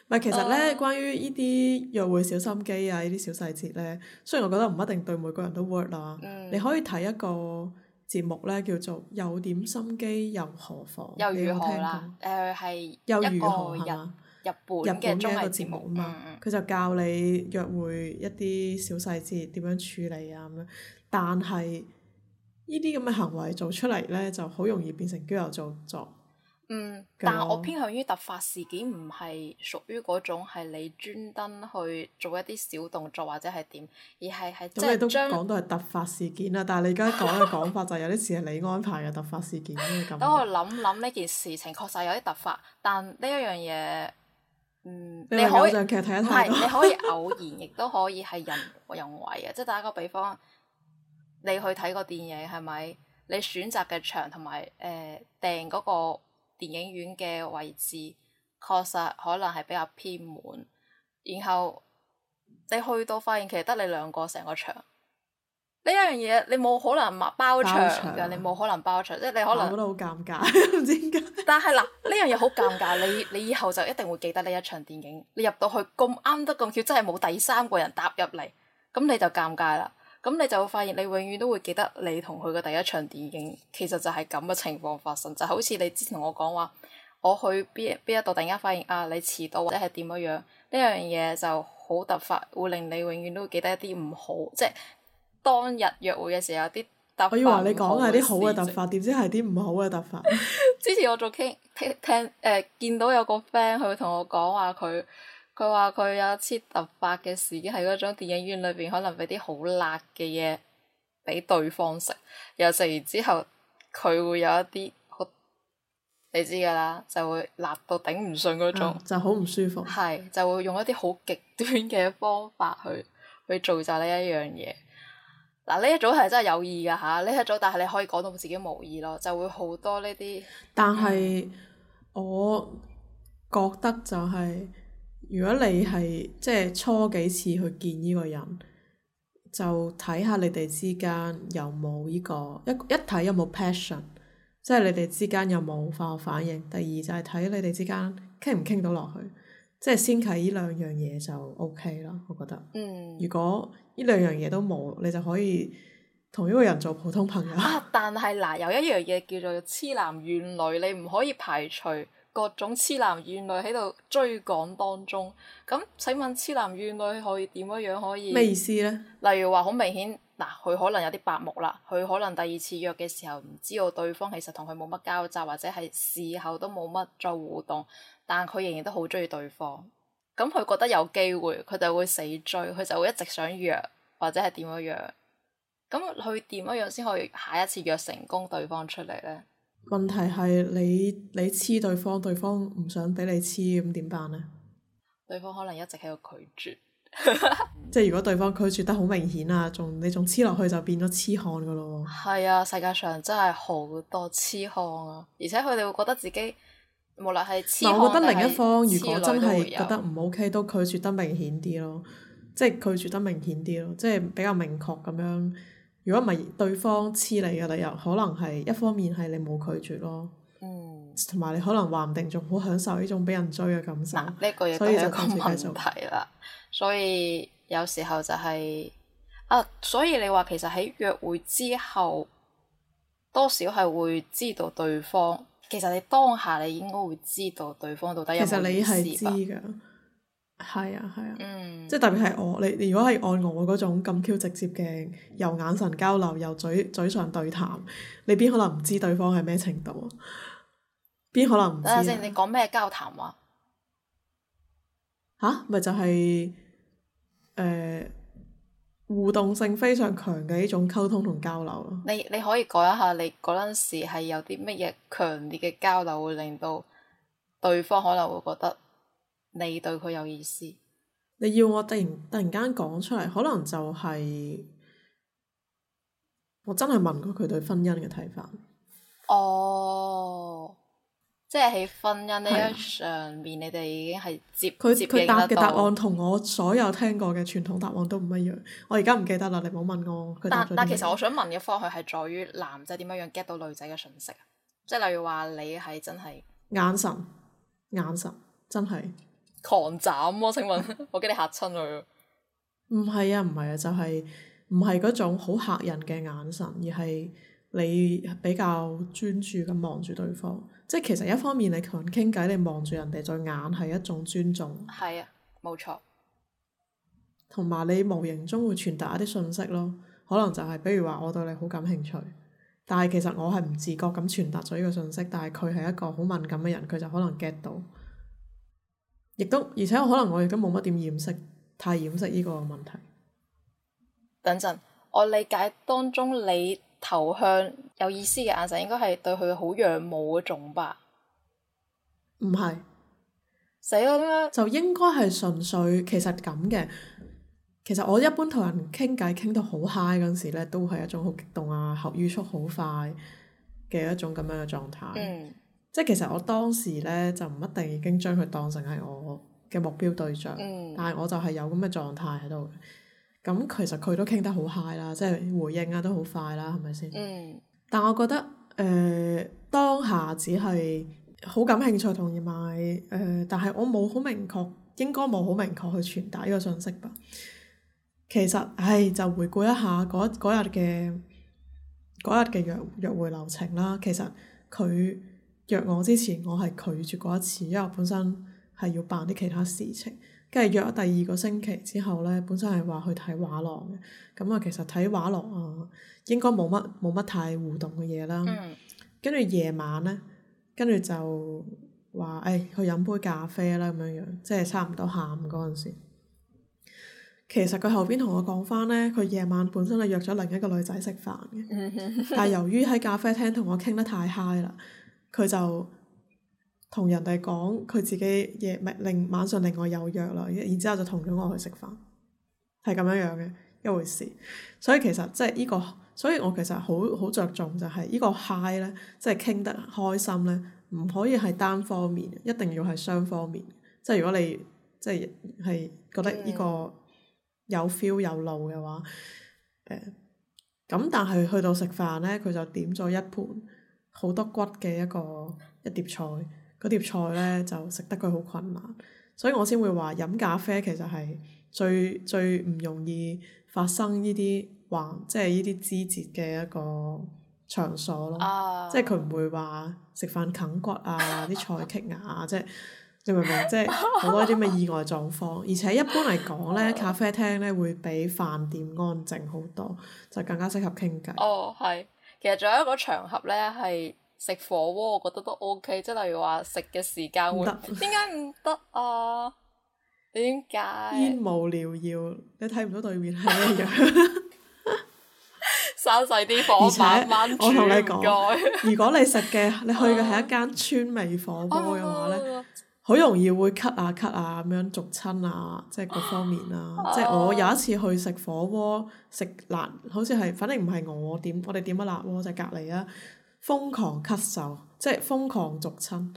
唔係，其實咧，關於呢啲約會小心機啊，呢啲小細節咧，雖然我覺得唔一定對每個人都 work 啦。嗯、你可以睇一個節目咧，叫做《有點心機又何妨》，你有冇聽過？誒係、呃、一個人、又如何、日，日本嘅一個節目啊嘛，佢、嗯嗯、就教你約會一啲小細節點樣處理啊咁樣，但係呢啲咁嘅行為做出嚟咧，就好容易變成嬌柔造作。嗯，但係我偏向於突發事件，唔係屬於嗰種係你專登去做一啲小動作或者係點，而係係即係將講到係突發事件啦。但係你而家講嘅講法就有啲似係你安排嘅 突發事件。等我諗諗呢件事情，確實有啲突發，但呢一樣嘢，嗯，你可以看看唔係你可以偶然，亦都 可以係人人為嘅。即係打一個比方，你去睇個電影係咪？你選擇嘅場同埋誒訂嗰個。電影院嘅位置確實可能係比較偏門，然後你去到發現其實得你兩個成個場，呢樣嘢你冇可能包場嘅，包場你冇可能包場，即係你可能覺得好尷尬，唔知點解。但係嗱，呢樣嘢好尷尬， 你你以後就一定會記得呢一場電影，你入到去咁啱得咁巧、巧，真係冇第三個人踏入嚟，咁你就尷尬啦。.咁你就會發現，你永遠都會記得你同佢嘅第一場電影，其實就係咁嘅情況發生，就係好似你之前同我講話，我去邊邊一度突然間發現啊，你遲到或者係點樣樣，呢樣嘢就好突發，會令你永遠都會記得一啲唔好，即係當日約會嘅時候啲突，突發。我要話你講係啲好嘅突發，點知係啲唔好嘅突發。之前我做傾聽聽，誒見、呃、到有個 friend 佢會同我講話佢。佢話：佢有一次突發嘅事，喺嗰種電影院裏面，可能畀啲好辣嘅嘢畀對方食，又食完之後，佢會有一啲你知㗎啦，就會辣到頂唔順嗰種，啊、就好唔舒服。係就會用一啲好極端嘅方法去去做就呢、啊、一樣嘢。嗱呢一組係真係有意㗎嚇，呢、啊、一組但係你可以講到自己無意咯，就會好多呢啲。但係是、嗯、我覺得就係、是。如果你係即係初幾次去見呢個人，就睇下你哋之間有冇呢個一一睇有冇 passion，即係你哋之間有冇化學反應。第二就係睇你哋之間傾唔傾到落去，即係先睇呢兩樣嘢就 OK 啦，我覺得。嗯。如果呢兩樣嘢都冇，你就可以同呢個人做普通朋友。啊！但係嗱，有一樣嘢叫做痴男怨女，你唔可以排除。各種痴男怨女喺度追趕當中，咁請問痴男怨女可以點樣樣可以？咩意思咧？例如話好明顯，嗱、啊，佢可能有啲白目啦，佢可能第二次約嘅時候唔知道對方其實同佢冇乜交集，或者係事後都冇乜再互動，但佢仍然都好鍾意對方。咁佢覺得有機會，佢就會死追，佢就會一直想約，或者係點樣約樣。咁佢點樣樣先可以下一次約成功對方出嚟咧？問題係你你黐對方，對方唔想畀你黐，咁點辦呢？對方可能一直喺度拒絕， 即係如果對方拒絕得好明顯啊，仲你仲黐落去就變咗黐漢噶咯喎。係啊，世界上真係好多黐漢啊，而且佢哋會覺得自己無論係黐漢定係黐女都有。我覺得另一方如果真係覺得唔 OK，都拒絕得明顯啲咯，即係拒絕得明顯啲咯，即係比較明確咁樣。如果唔係對方黐你嘅理由，可能係一方面係你冇拒絕咯，同埋、嗯、你可能話唔定仲好享受呢種畀人追嘅感受。嗱、啊，呢個亦都係一個問題啦，所以有時候就係、是、啊，所以你話其實喺約會之後，多少係會知道對方，其實你當下你應該會知道對方到底有冇事㗎。係啊，係啊，嗯、即係特別係我，你如果係按我嗰種咁 Q 直接嘅，又眼神交流，又嘴嘴上對談，你邊可能唔知對方係咩程度？啊？邊可能唔知啊？但係你你講咩交談話？吓，咪就係、是、誒、呃、互動性非常強嘅呢種溝通同交流咯。你你可以講一下你嗰陣時係有啲乜嘢強烈嘅交流會令到對方可能會覺得？你對佢有意思，你要我突然突然間講出嚟，可能就係、是、我真係問過佢對婚姻嘅睇法。哦，即係喺婚姻呢一上面，的你哋已經係接佢答嘅答案同我所有聽過嘅傳統答案都唔一樣。嗯、我而家唔記得啦，你唔好問我。但，但其實我想問嘅方向係在於男仔點樣樣 get 到女仔嘅信息啊？即係例如話，你係真係眼神眼神真係。狂斬啊！請問 我驚你嚇親佢？唔係啊，唔係啊，就係唔係嗰種好嚇人嘅眼神，而係你比較專注咁望住對方。即係其實一方面你同人傾偈，你望住人哋對眼係一種尊重。係啊，冇錯。同埋你無形中會傳達一啲信息咯，可能就係比如話我對你好感興趣，但係其實我係唔自覺咁傳達咗呢個信息，但係佢係一個好敏感嘅人，佢就可能 get 到。亦都，而且我可能我而家冇乜點掩飾，太掩飾呢個問題。等陣，我理解當中你投向有意思嘅眼神，應該係對佢好仰慕嗰種吧？唔係，死啦點解？就應該係純粹，其實咁嘅。其實我一般同人傾偈傾到好嗨嗰時呢，都係一種好激動啊，喉語速好快嘅一種咁樣嘅狀態。嗯即係其實我當時咧就唔一定已經將佢當成係我嘅目標對象，嗯、但係我就係有咁嘅狀態喺度。咁其實佢都傾得好 high 啦，即係回應啊都好快啦，係咪先？嗯、但係我覺得誒、呃、當下只係好感興趣同埋誒、呃，但係我冇好明確，應該冇好明確去傳達呢個信息吧。其實唉、哎，就回顧一下嗰日嘅嗰日嘅約約會流程啦。其實佢。約我之前，我係拒絕過一次，因為我本身係要辦啲其他事情，跟住約咗第二個星期之後咧，本身係話去睇畫廊嘅。咁啊，其實睇畫廊啊，應該冇乜冇乜太互動嘅嘢啦。跟住夜晚咧，跟住就話誒、哎、去飲杯咖啡啦咁樣樣，即係差唔多下午嗰陣時。其實佢後邊同我講返咧，佢夜晚本身係約咗另一個女仔食飯嘅，嗯、 但係由於喺咖啡廳同我傾得太嗨啦。佢就同人哋講佢自己夜晚，令晚上另外有約啦，然之後就同咗我去食飯，係咁樣樣嘅一回事。所以其實即係呢個，所以我其實好好着重就係、是這個、呢個 high 咧，即係傾得開心咧，唔可以係單方面，一定要係雙方面。即係如果你即係係覺得呢個有 feel 有路嘅話，誒、呃、咁，但係去到食飯咧，佢就點咗一盤。好多骨嘅一個一碟菜，嗰碟菜呢就食得佢好困難，所以我先會話飲咖啡其實係最最唔容易發生呢啲或即係呢啲枝節嘅一個場所咯，uh, 即係佢唔會話食飯啃骨啊，啲 菜棘牙啊，即係你明唔明？即係好多啲咩意外狀況，而且一般嚟講呢，咖啡廳呢會比飯店安靜好多，就更加適合傾偈。哦，係。其實仲有一個場合呢，係食火鍋，我覺得都 OK。即係例如話食嘅時間會點解唔得啊？點解煙霧瀰漫，你睇唔到對面係咩樣？收細啲火且，慢慢煮，我同你講，託如果你食嘅 你去嘅係一間川味火鍋嘅話呢。啊啊啊啊好容易會咳啊咳啊咁樣續親啊，即係各方面啦、啊。 即係我有一次去食火鍋，食辣，好似係，反正唔係我點，我哋點咗辣鍋就隔離啦，瘋狂咳嗽，即係瘋狂續親，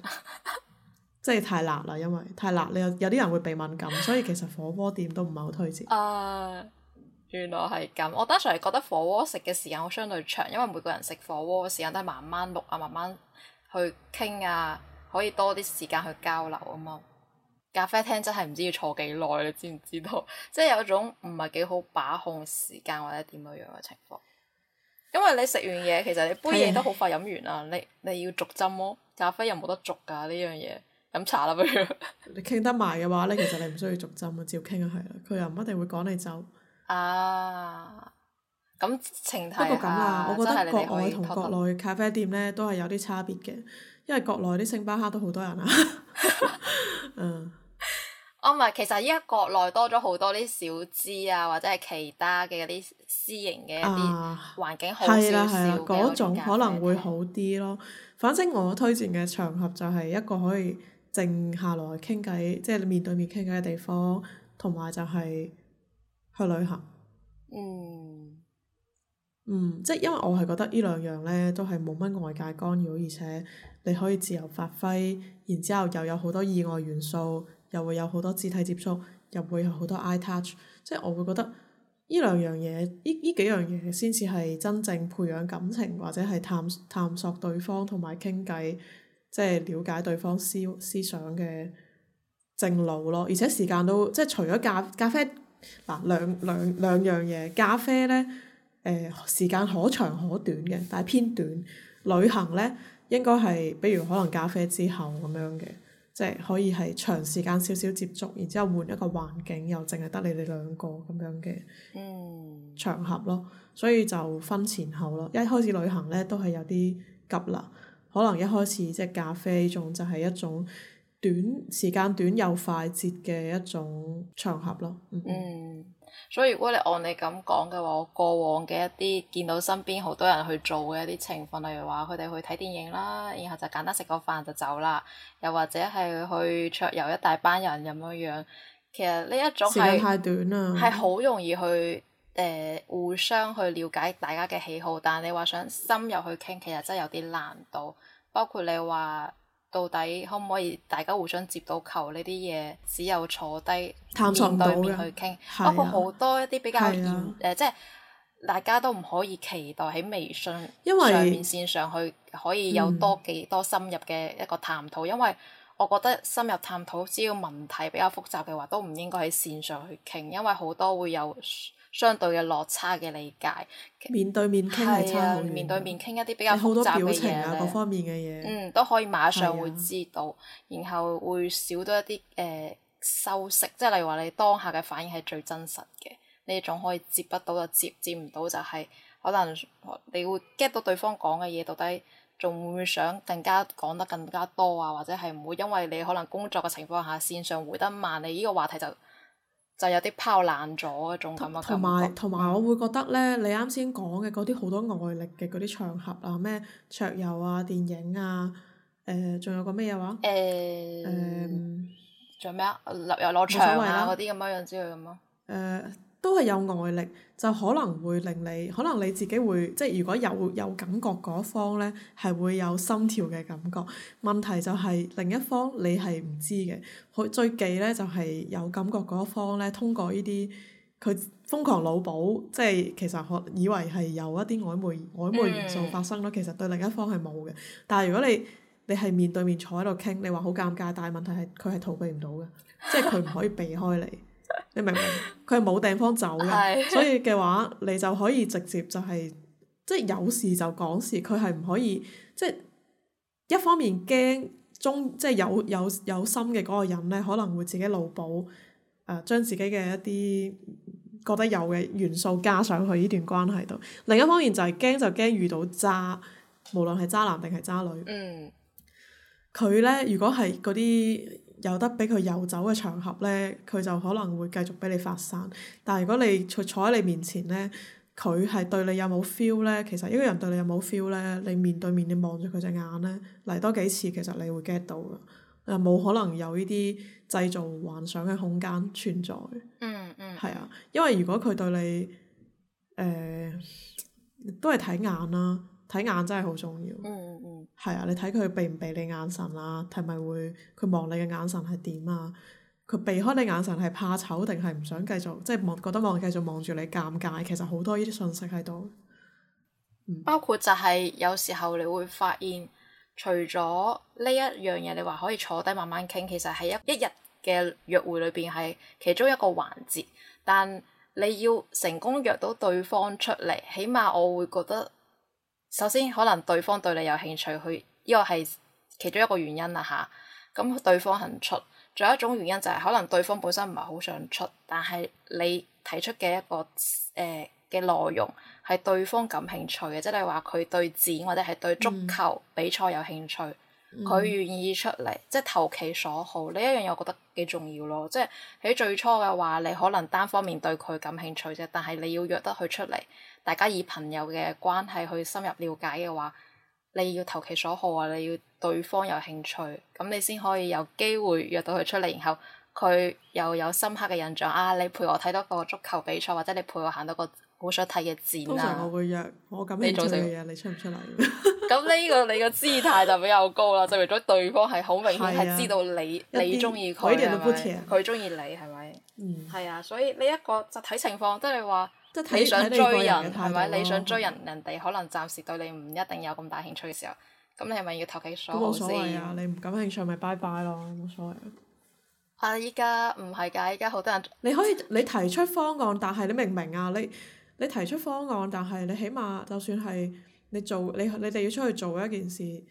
即係太辣啦，因為太辣，你有啲人會鼻敏感，所以其實火鍋店都唔係好推薦。啊，uh, 原來係咁。我通常係覺得火鍋食嘅時間會相對長，因為每個人食火鍋嘅時間都係慢慢淥啊，慢慢去傾啊。可以多啲時間去交流啊嘛！咖啡廳真係唔知要坐幾耐，你知唔知道？ 即係有一種唔係幾好把控時間或者點樣樣嘅情況。因為你食完嘢，其實你杯嘢都好快飲完啦。的你你要逐針咯、啊，咖啡又冇得逐㗎呢樣嘢？飲茶啦，不如你。你傾得埋嘅話咧，其實你唔需要逐針嘅， 只要傾就係啦。佢又唔一定會趕你走。啊，咁情態。不過咁啊，我覺得國外同國內咖啡店咧都係有啲差別嘅。因為國內啲星巴克都好多人啊， 嗯，我唔係，其實而家國內多咗好多啲小資啊，或者係其他嘅嗰啲私營嘅一啲環境好少少，係啦係啦，啊啊、嗰種可能會好啲咯。嗯，反正我推薦嘅場合就係一個可以靜下來傾偈，即係面對面傾偈嘅地方，同埋就係去旅行。嗯。嗯，即係因為我係覺得呢兩樣呢都係冇乜外界干擾，而且你可以自由發揮，然之後又有好多意外元素，又會有好多肢體接觸，又會有好多 eye touch，即係我會覺得呢兩樣嘢，呢呢幾樣嘢先至係真正培養感情或者係探探索對方同埋傾偈，即係了解對方思思想嘅正路咯。而且時間都即係除咗咖咖啡，嗱兩兩兩樣嘢，咖啡呢。誒、呃、時間可長可短嘅，但係偏短。旅行咧應該係，比如可能咖啡之後咁樣嘅，即、就、係、是、可以係長時間少少接觸，然之後換一個環境，又淨係得你哋兩個咁樣嘅場合咯。所以就分前後咯。一開始旅行咧都係有啲急啦，可能一開始即係、就是、咖啡呢種就係一種短時間短又快捷嘅一種場合咯。嗯，嗯。所以如果你按你咁講嘅話，我過往嘅一啲見到身邊好多人去做嘅一啲情況，例如話佢哋去睇電影啦，然後就簡單食個飯就走啦，又或者係去桌遊一大班人咁樣樣，其實呢一種係時間太短啦，係好容易去誒、呃、互相去了解大家嘅喜好，但係你話想深入去傾，其實真係有啲難度，包括你話。到底可唔可以大家互相接到球呢啲嘢？只有坐低探面對面去傾，是啊、包括好多一啲比較，嚴誒是、啊呃，即係大家都唔可以期待喺微信因上面線上去可以有多幾多深入嘅一個探討，嗯、因為我覺得深入探討只要問題比較複雜嘅話，都唔應該喺線上去傾，因為好多會有。相對嘅落差嘅理解，面對面傾係差，面對面傾一啲比較複雜嘅嘢，好多表情啊，嗰方面嘅嘢，嗯，都可以馬上會知道，的然後會少多一啲誒修飾，即係例如話你當下嘅反應係最真實嘅，你仲可以接得到就接，接唔到就係可能你會 get 到對方講嘅嘢到底仲會唔會想更加講得更加多啊，或者係唔會因為你可能工作嘅情況下線上回得慢，你依個話題就。就有啲拋爛咗嗰種，同埋同埋我會覺得呢，嗯、你啱先講嘅嗰啲好多外力嘅嗰啲場合啊，咩桌遊啊、電影啊，誒、呃，仲有個咩嘢話？仲有咩啊？立遊攞場啊，嗰啲咁樣樣之類咁咯。誒、呃。都係有外力，就可能會令你，可能你自己會即係如果有有感覺嗰方呢，係會有心跳嘅感覺。問題就係另一方你係唔知嘅，佢最忌呢，就係有感覺嗰方呢，通過呢啲，佢瘋狂腦補，即係其實學以為係有一啲曖昧曖昧元素發生咯。其實對另一方係冇嘅。但係如果你你係面對面坐喺度傾，你話好尷尬，但係問題係佢係逃避唔到嘅，即係佢唔可以避開你。 你明唔明？佢係冇地方走嘅， 所以嘅話你就可以直接就係即係有事就講事。佢係唔可以即係、就是、一方面驚中即係、就是、有有有心嘅嗰個人呢，可能會自己腦補誒，將、呃、自己嘅一啲覺得有嘅元素加上去呢段關係度。另一方面就係驚就驚遇到渣，無論係渣男定係渣女。佢、嗯、呢，如果係嗰啲。有得畀佢游走嘅場合呢，佢就可能會繼續畀你發散。但係如果你坐喺你面前呢，佢係對你有冇 feel 咧？其實一個人對你有冇 feel 咧？你面對面你望住佢隻眼呢，嚟多幾次其實你會 get 到嘅。冇可能有呢啲製造幻想嘅空間存在。嗯嗯。係啊，因為如果佢對你，誒、呃、都係睇眼啦。睇眼真係好重要，係、嗯嗯、啊！你睇佢避唔避你眼神啊？係咪會佢望你嘅眼神係點啊？佢避開你眼神係怕醜定係唔想繼續，即係望覺得望繼續望住你尷尬。其實好多呢啲信息喺度，嗯、包括就係有時候你會發現，除咗呢一樣嘢，你話可以坐低慢慢傾，其實係一日嘅約會裏邊係其中一個環節。但你要成功約到對方出嚟，起碼我會覺得。首先，可能對方對你有興趣，佢呢個係其中一個原因啦嚇。咁對方肯出，仲有一種原因就係、是、可能對方本身唔係好想出，但係你提出嘅一個誒嘅、呃、內容係對方感興趣嘅，即係你話佢對展或者係對足球比賽有興趣，佢、嗯、願意出嚟，嗯、即係投其所好。呢一樣嘢我覺得幾重要咯，即係喺最初嘅話，你可能單方面對佢感興趣啫，但係你要約得佢出嚟。大家以朋友嘅關係去深入了解嘅話，你要投其所好啊！你要對方有興趣，咁你先可以有機會約到佢出嚟，然後佢又有深刻嘅印象啊！你陪我睇多個足球比賽，或者你陪我行多個好想睇嘅展啊！通常我會約，我咁你做咩嘢你出唔出嚟？咁 呢、呢個你嘅姿態就比較高啦，證明咗對方係好明顯係知道你、啊、你中意佢佢中意你係咪？係係嗯。係啊，所以呢、呢、一個就睇情況，即係話。即係你想追人，係咪你，你想追人？ 人哋可能暫時對你唔一定有咁大興趣嘅時候，咁你係咪要投其所好冇所謂啊！你唔感興趣咪拜拜咯，冇所謂啊！啊，依家唔係㗎，依家好多人你可以你提出方案，但係你明唔明啊？你你提出方案，但係你起碼就算係你做你你哋要出去做一件事。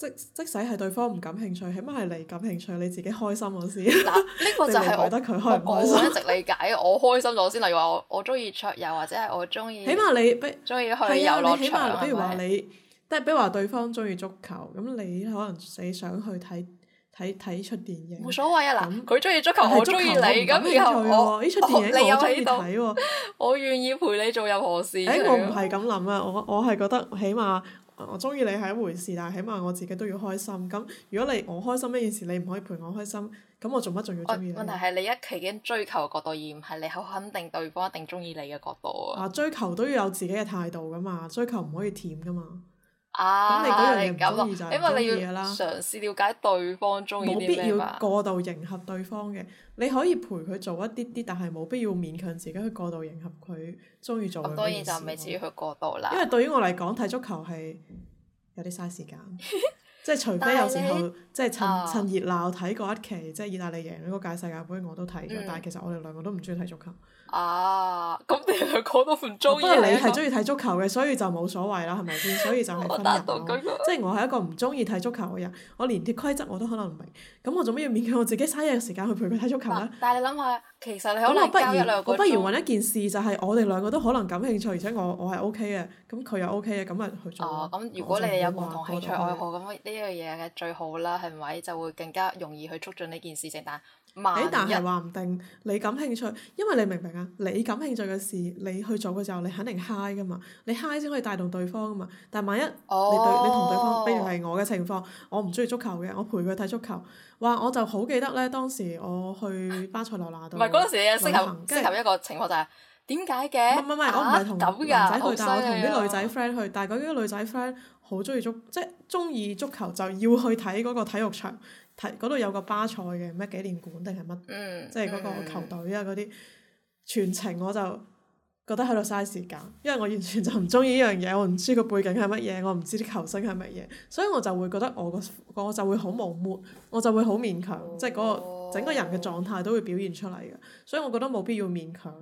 即即使係對方唔感興趣，起碼係你感興趣，你自己開心咗先。嗱，呢個就係我覺得佢開唔開心。我一直理解，我開心咗先。例如話我我中意桌遊，或者係我中意，起碼你比中意去遊樂場。係啊，你起碼比如話你，即係比如話對方中意足球，咁你可能你想去睇睇睇出電影。冇所謂啊！嗱，佢中意足球，我中意你咁，然後呢出電影，你又喺度，我願意陪你做任何事。誒，我唔係咁諗啊！我我係覺得起碼。我中意你係一回事，但係起碼我自己都要開心。咁如果你我開心呢件事，你唔可以陪我開心，咁我做乜仲要中意你？問題係你一期已經追求嘅角度，而唔係你好肯定對方一定中意你嘅角度啊！追求都要有自己嘅態度㗎嘛，追求唔可以舔㗎嘛。咁、啊、你嗰樣嘢，唔中意就係唔中意噶啦。你要嘗試了解對方中意，冇必要過度迎合對方嘅。你可以陪佢做一啲啲，但係冇必要勉強自己去過度迎合佢中意做嘅、啊。我當然就未至於去過度啦。因為對於我嚟講，睇、嗯、足球係有啲嘥時間， 即係除非有時候，即係趁趁熱鬧睇過一期，即係意大利贏嗰屆世界杯，我都睇咗。嗯、但係其實我哋兩個都唔中意睇足球。啊，咁你哋兩個都唔中意。不過你係中意睇足球嘅， 所以就冇所謂啦，係咪先？所以就係分人。我單獨即係我係一個唔中意睇足球嘅人，我連啲規則我都可能唔明。咁我做咩要勉強我自己嘥嘢嘅時間去陪佢睇足球呢？但係你諗下，其實你可能教一不如揾一,一件事，就係、是、我哋兩個都可能感興趣，而且我我係 OK 嘅，咁佢又 OK 嘅，咁咪去做。哦，咁如果你哋有共同興趣愛好，咁呢樣嘢嘅最好啦，係咪？就會更加容易去促進呢件事情，但。誒、欸，但係話唔定你感興趣，因為你明唔明啊？你感興趣嘅事，你去做嘅時候，你肯定 high 噶嘛，你 high 先可以帶動對方噶嘛。但係萬一你對你同對方，哦、比如係我嘅情況，我唔中意足球嘅，我陪佢睇足球，哇！我就好記得咧，當時我去巴塞羅 旅行 那度。唔係嗰陣時，你適合然後適合一個情況就係點解嘅？唔唔唔，啊、我唔係同男仔去，啊、但係我同啲女仔 friend 去。 但係嗰啲女仔 friend 好中意足，即係中意足球、即係、足球就要去睇嗰個體育場。係嗰度有個巴塞嘅咩紀念館定係乜？嗯、即係嗰個球隊啊嗰啲，全程我就覺得喺度嘥時間，因為我完全就唔中意依樣嘢，我唔知個背景係乜嘢，我唔知啲球星係乜嘢，所以我就會覺得我個我就會好冇 mood，我就會好勉強，即係嗰個整個人嘅狀態都會表現出嚟嘅，所以我覺得冇必要勉強。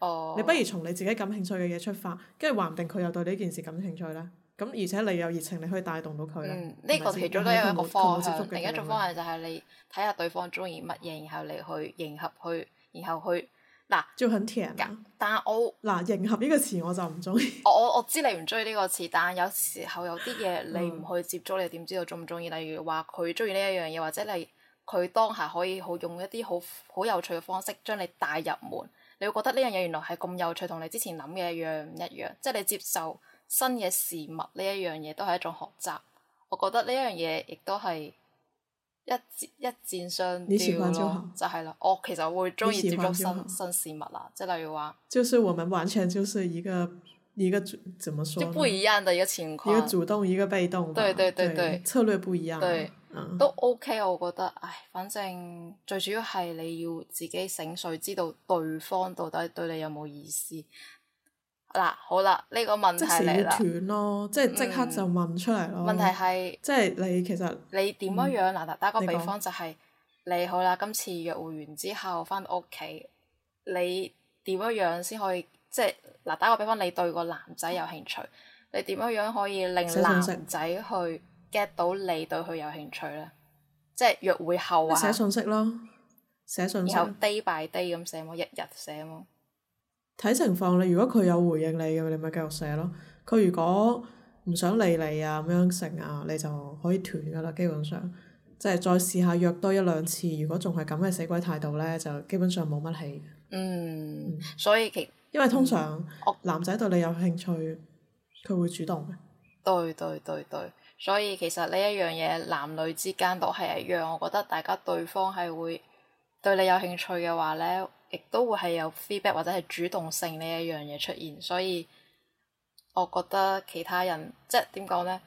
哦、你不如從你自己感興趣嘅嘢出發，跟住話唔定佢又對呢件事感興趣呢。咁而且你有熱情，你可以帶動到佢。嗯，呢個其中都有一個方向。另一種方法就係你睇下對方中意乜嘢，然後你去迎合去，然後去嗱，很甜㗎啊。但係我嗱，迎合呢個詞我就唔中意。我我知你唔中意呢個詞，但係有時候有啲嘢你唔去接觸， 你點知道中唔中意？例如話佢中意呢一樣嘢，或者你佢當下可以好用一啲好好有趣嘅方式將你帶入門，你會覺得呢樣嘢原來係咁有趣，同你之前諗嘅一樣唔一樣，即係你接受。新嘅事物呢一樣嘢都係一種學習，我覺得呢一樣嘢亦都係一箭一箭雙雕咯，你就係咯，我、哦、其實我會鍾意接觸新新事物啦，即係例如話，就是我們完全就是一個一個怎怎麼說，就不一樣的一、這個情況，一個主動一個被動，對對對對，對，策略不一樣，對，嗯、都 OK，我覺得，唉，反正最主要係你要自己醒水，知道對方到底對你有冇意思。嗱，好啦，呢、這個問題嚟啦。即咯，即係即刻就問出嚟咯、嗯。問題係，即係你其實你點樣樣？嗱、嗯，打個比方就係、是、你，說你好啦，今次約會完之後返到屋企，你點樣樣先可以即係嗱？打個比方，你對個男仔有興趣，你點樣樣可以令男仔去 get 到你對佢有興趣咧？即係約會後啊寫後。寫信息咯，寫信息。有 day by day 咁寫麼？日日寫麼？睇情況，你如果佢有回應你嘅，你咪繼續寫咯。佢如果唔想理你啊，咁樣成啊，你就可以斷噶啦。基本上即係再試下約多一兩次，如果仲係咁嘅死鬼態度呢，就基本上冇乜戲。嗯，嗯所以其因為通常、嗯、男仔對你有興趣，佢我會主動嘅。對對對對，所以其實呢一樣嘢，男女之間都係一樣。我覺得大家對方係會對你有興趣嘅話呢。亦都會係有 feedback 或者係主動性呢一樣嘢出現，所以我覺得其他人即係點講呢？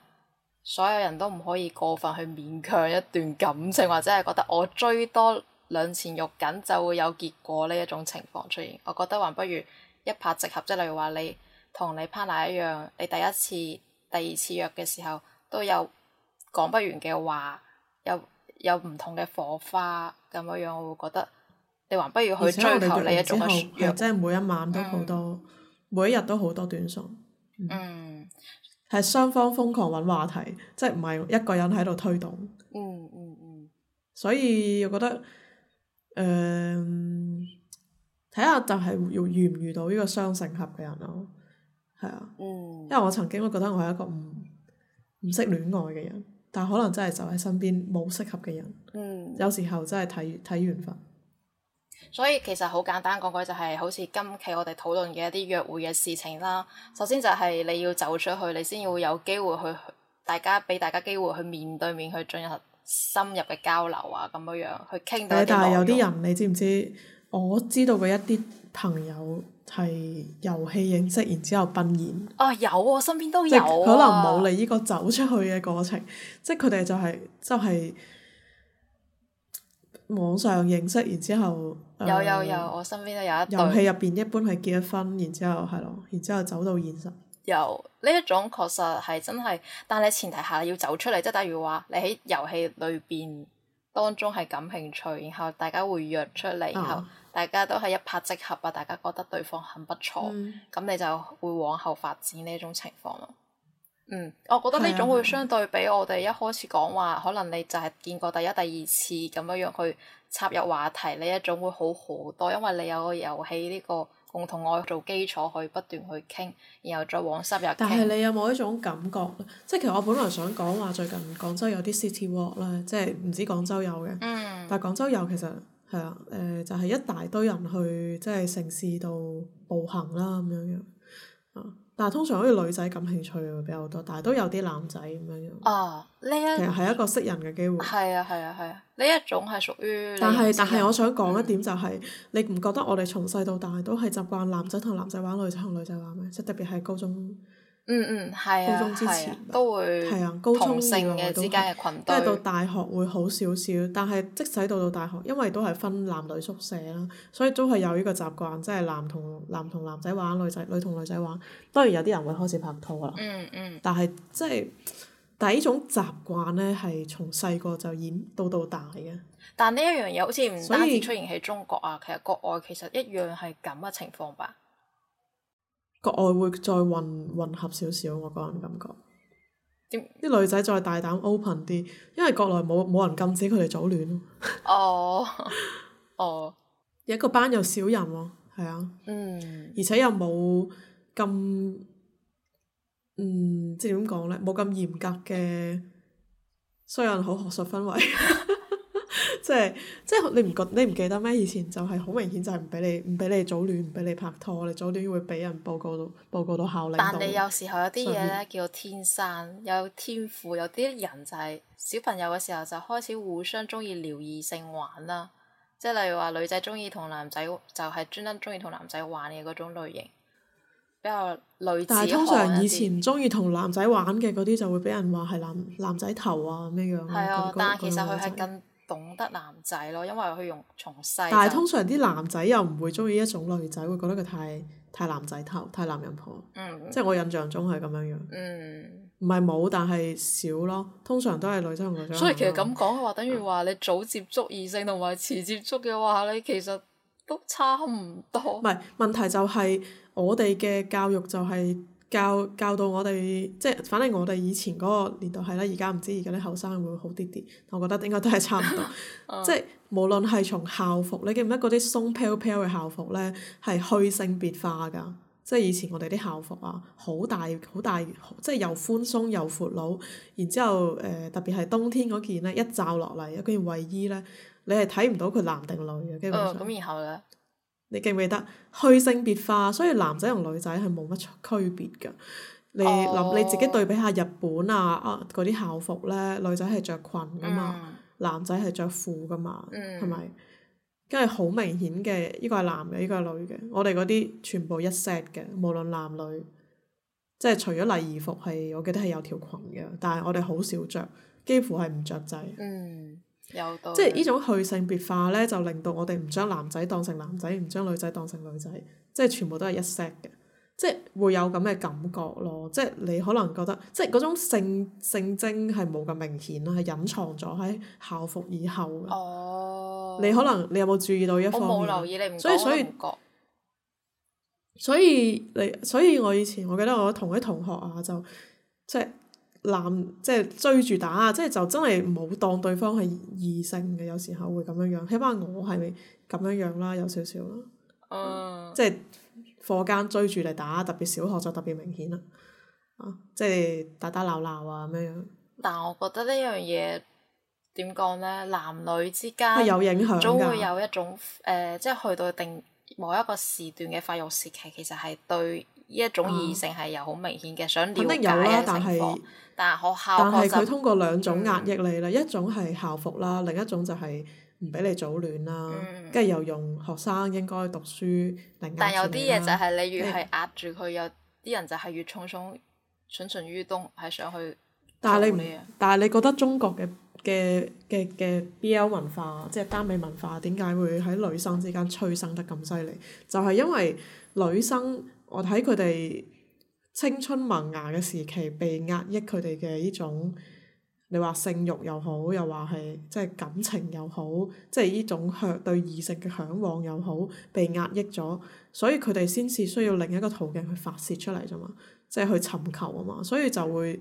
所有人都唔可以過分去勉強一段感情，或者係覺得我追多兩次肉緊就會有結果呢一種情況出現。我覺得還不如一拍即合，即係例如話你同你 partner 一樣，你第一次、第二次約嘅時候都有講不完嘅話，有有唔同嘅火花咁樣樣，我會覺得。你還不如去追求呢一種，然之後即係、嗯、每一晚都好多，嗯、每一日都好多短信。嗯，係、嗯、雙方瘋狂揾話題，即係唔係一個人喺度推動。嗯嗯嗯。嗯嗯所以我覺得，誒、呃，睇下就係要遇唔遇到呢個雙性合嘅人咯。係啊。嗯。因為我曾經都覺得我係一個唔唔識戀愛嘅人，但可能真係就喺身邊冇適合嘅人。嗯。有時候真係睇睇緣分。所以其實好簡單講講，就係、是、好似今期我哋討論嘅一啲約會嘅事情啦。首先就係你要走出去，你先要有機會去大家俾大家機會去面對面去進入深入嘅交流啊，咁樣樣去傾多啲內容。但係有啲人，你知唔知？我知道嘅一啲朋友係遊戲認識，然之後奔現。啊，有啊，我身邊都有啊。可能冇你呢個走出去嘅過程，即係佢哋就係、是、就係、是。網上認識，然之後有有有，我身邊都有一對。遊戲入邊一般係結咗婚，然之後係咯，然之後走到現實。有呢一種確實係真係，但你前提下要走出嚟，即係等於話你喺遊戲裏邊當中係感興趣，然後大家會約出嚟，然後大家都係一拍即合啊！大家覺得對方很不錯，咁、嗯、你就會往後發展呢一種情況咯。嗯，我覺得呢種會相對比我哋一開始講話，可能你就係見過第一、第二次咁樣樣去插入話題呢一種會好好多，因為你有個遊戲呢、呢個共同愛做基礎，可以不斷去傾，然後再往深入。但係你有冇呢種感覺呢？即係其實我本來想講話最近廣州有啲 city walk 咧，即係唔止廣州有嘅，嗯、但係廣州有其實係啊，誒、呃、就係、是、一大堆人去即係城市度步行啦咁樣樣啊。但係通常好似女仔感興趣會比較多，但係都有啲男仔咁樣樣。啊，呢一其實係一個識人嘅機會。係啊係啊係啊，呢一、啊啊啊啊、一種係屬於但係。啊、但係但係，我想講一點就係、是，嗯、你唔覺得我哋從細到大都係習慣男仔同男仔玩，女仔同女仔玩咩？即係特別係高中。嗯嗯，係啊，係啊，啊，高中同性嘅之間嘅群體，即係到大學會好少少，但係即使到到大學，因為都係分男女宿舍啦，所以都係有呢個習慣，即係男，男同男同男仔玩，女仔女同女仔玩。當然有啲人會開始拍拖啦、嗯，嗯嗯、就是，但係即係，但係呢種習慣咧係從細個就演到到大嘅。但呢一樣嘢好似唔單止出現喺中國啊，以其實國外其實一樣係咁嘅情況吧。國外會再混混合少少，我個人感覺。啲、嗯、女仔再大膽 open 啲，因為國內冇冇人禁止佢哋早戀咯、啊。 哦，哦，有一個班又少人喎，係啊。啊嗯。而且又冇咁，嗯，即係點講呢？冇咁嚴格嘅，所以有人好學術氛圍。 即係，即係你唔覺，你唔記得咩？以前就係好明顯就，就係唔俾你，唔俾你早戀，唔俾你拍拖。你早戀會俾人報告到，報告到校領導。但你有時候有啲嘢呢面叫天生有天賦，有啲人就係小朋友嘅時候就開始互相中意聊異性玩啦。即係例如話女仔中意同男仔，就係、是、專登中意同男仔玩嘅嗰種類型，比較女仔通常以前中意同男仔玩嘅嗰啲就會俾人話係男，男仔頭啊咩樣。係，但係其實佢係跟。懂得男仔咯，因為佢從從細。但係通常啲男仔又唔會中意一種女仔，嗯、會覺得佢太太男仔頭，太男人婆。嗯、即係我印象中係咁樣樣。唔係冇，但係少咯。通常都係女生同女仔，嗯。所以其實咁講嘅話，嗯、等於話你早接觸異性同埋遲接觸嘅話，你其實都差唔多。唔係問題就係、是、我哋嘅教育就係、是。教教到我哋，即係反正我哋以前嗰個年代係啦，而家唔知而家啲後生會好啲啲，我覺得應該都係差唔多。 即係無論係從校服，你記唔記得嗰啲鬆飄飄嘅校服咧，係去性別化㗎。即係以前我哋啲校服啊，好大好大，大即係又寬鬆又闊老。然之後誒、呃，特別係冬天嗰件咧，一罩落嚟一件衞衣咧，你係睇唔到佢男定女嘅。嗯，咁然、哦你記唔記得去性別化，所以男仔同女仔係冇乜區別噶。你諗、oh. 你自己對比下日本啊，嗰啲校服呢，女仔係着裙噶嘛，mm. 男仔係着褲噶嘛，係咪、mm.？跟住好明顯嘅，呢個係男嘅，呢個係女嘅。我哋嗰啲全部一 set 嘅，無論男女，即係除咗禮儀服係，我記得係有條裙嘅，但係我哋好少着，幾乎係唔着制。Mm. 有即係呢種去性別化呢，就令到我哋唔將男仔當成男仔，唔將女仔當成女仔，即係全部都係一 set 嘅，即係會有咁嘅感覺咯。即係你可能覺得，即係嗰種性性徵係冇咁明顯啦，係隱藏咗喺校服以後。哦，oh, 你可能你有冇注意到呢一方面？我冇留意，你唔講，所以你，所以我以前，我記得我同啲同學啊，就即係。男即係追住打，即係就真係冇當對方係異性嘅，有時候會咁樣樣。起碼我係咁樣樣啦，有少少、嗯、即係課間追住嚟打，特別小學就特別明顯啦、啊。即係打打鬧鬧啊咁樣樣。但我覺得呢樣嘢點講呢？男女之間總會有一種誒、呃，即係去到定某一個時段嘅發育時期，其實係對呢一種異性係有好明顯嘅。嗯、想了解嘅情但學校、就是，但係佢通過兩種壓抑你啦，嗯、一種係校服啦，另一種就係唔俾你早戀啦，跟住、嗯、又用學生應該讀書另一但有啲嘢就係你越係壓住佢，有啲你人就係越匆匆蠢蠢蠢蠢欲動，係想去。但係你，但係你覺得中國嘅嘅嘅嘅 B L 文化，即係耽美文化，點解會喺女生之間催生得咁犀利？就係、是、因為女生，我睇佢哋。青春萌芽嘅時期被壓抑，佢哋嘅呢種，你話性慾又好，又話係即係感情又好，即係呢種嚮對異性嘅嚮往又好，被壓抑咗，所以佢哋先至需要另一個途徑去發泄出嚟啫嘛，即係去尋求啊嘛，所以就會誒、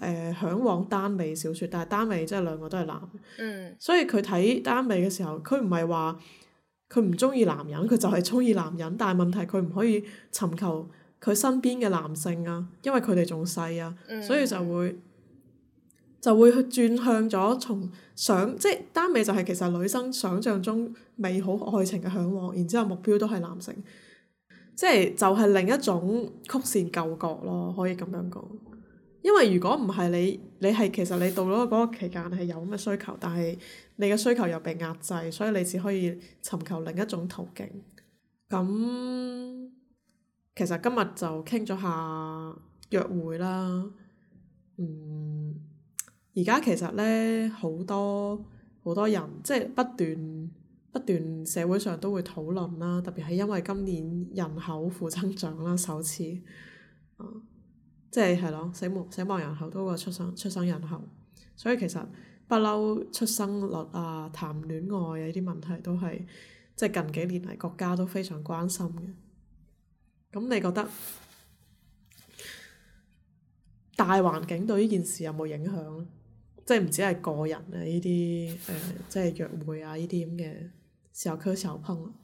呃、嚮往耽美小説，但係耽美即係兩個都係男，嗯、所以佢睇耽美嘅時候，佢唔係話佢唔中意男人，佢就係中意男人，但係問題佢唔可以尋求。佢身邊嘅男性啊，因為佢哋仲細啊，嗯、所以就會就會去轉向咗從想，嗯、即係單美就係其實女生想象中美好愛情嘅向往，然後之後目標都係男性，即係就係另一種曲線救國咯，可以咁樣講。因為如果唔係你，你係其實你到咗嗰個期間係有咁嘅需求，但係你嘅需求又被壓制，所以你只可以尋求另一種途徑。咁其實今日就傾咗下約會啦，嗯，而家其實咧好多好多人即係不斷不斷社會上都會討論啦，特別係因為今年人口負增長啦，首次，嗯、即係係咯死亡死亡人口多過出生出生人口，所以其實不嬲出生率啊談戀愛啊呢啲問題都係即係近幾年嚟國家都非常關心嘅。咁你覺得大環境對呢件事有冇影響咧？即係唔止係個人嘅呢啲誒，即係約會啊，呢啲咁嘅時候溝時候碰。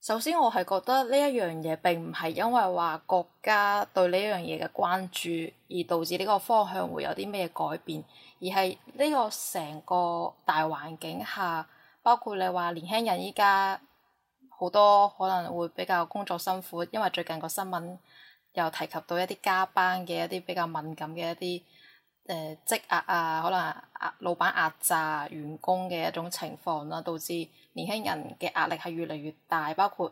首先，我係覺得呢一樣嘢並唔係因為話國家對呢樣嘢嘅關注，而導致呢個方向會有啲咩改變，而係呢個成個大環境下，包括你話年輕人依家。好多可能會比較工作辛苦，因為最近個新聞又提及到一啲加班嘅一啲比較敏感嘅一啲誒積壓啊，可能壓老闆壓榨員工嘅一種情況啦，導致年輕人嘅壓力係越嚟越大，包括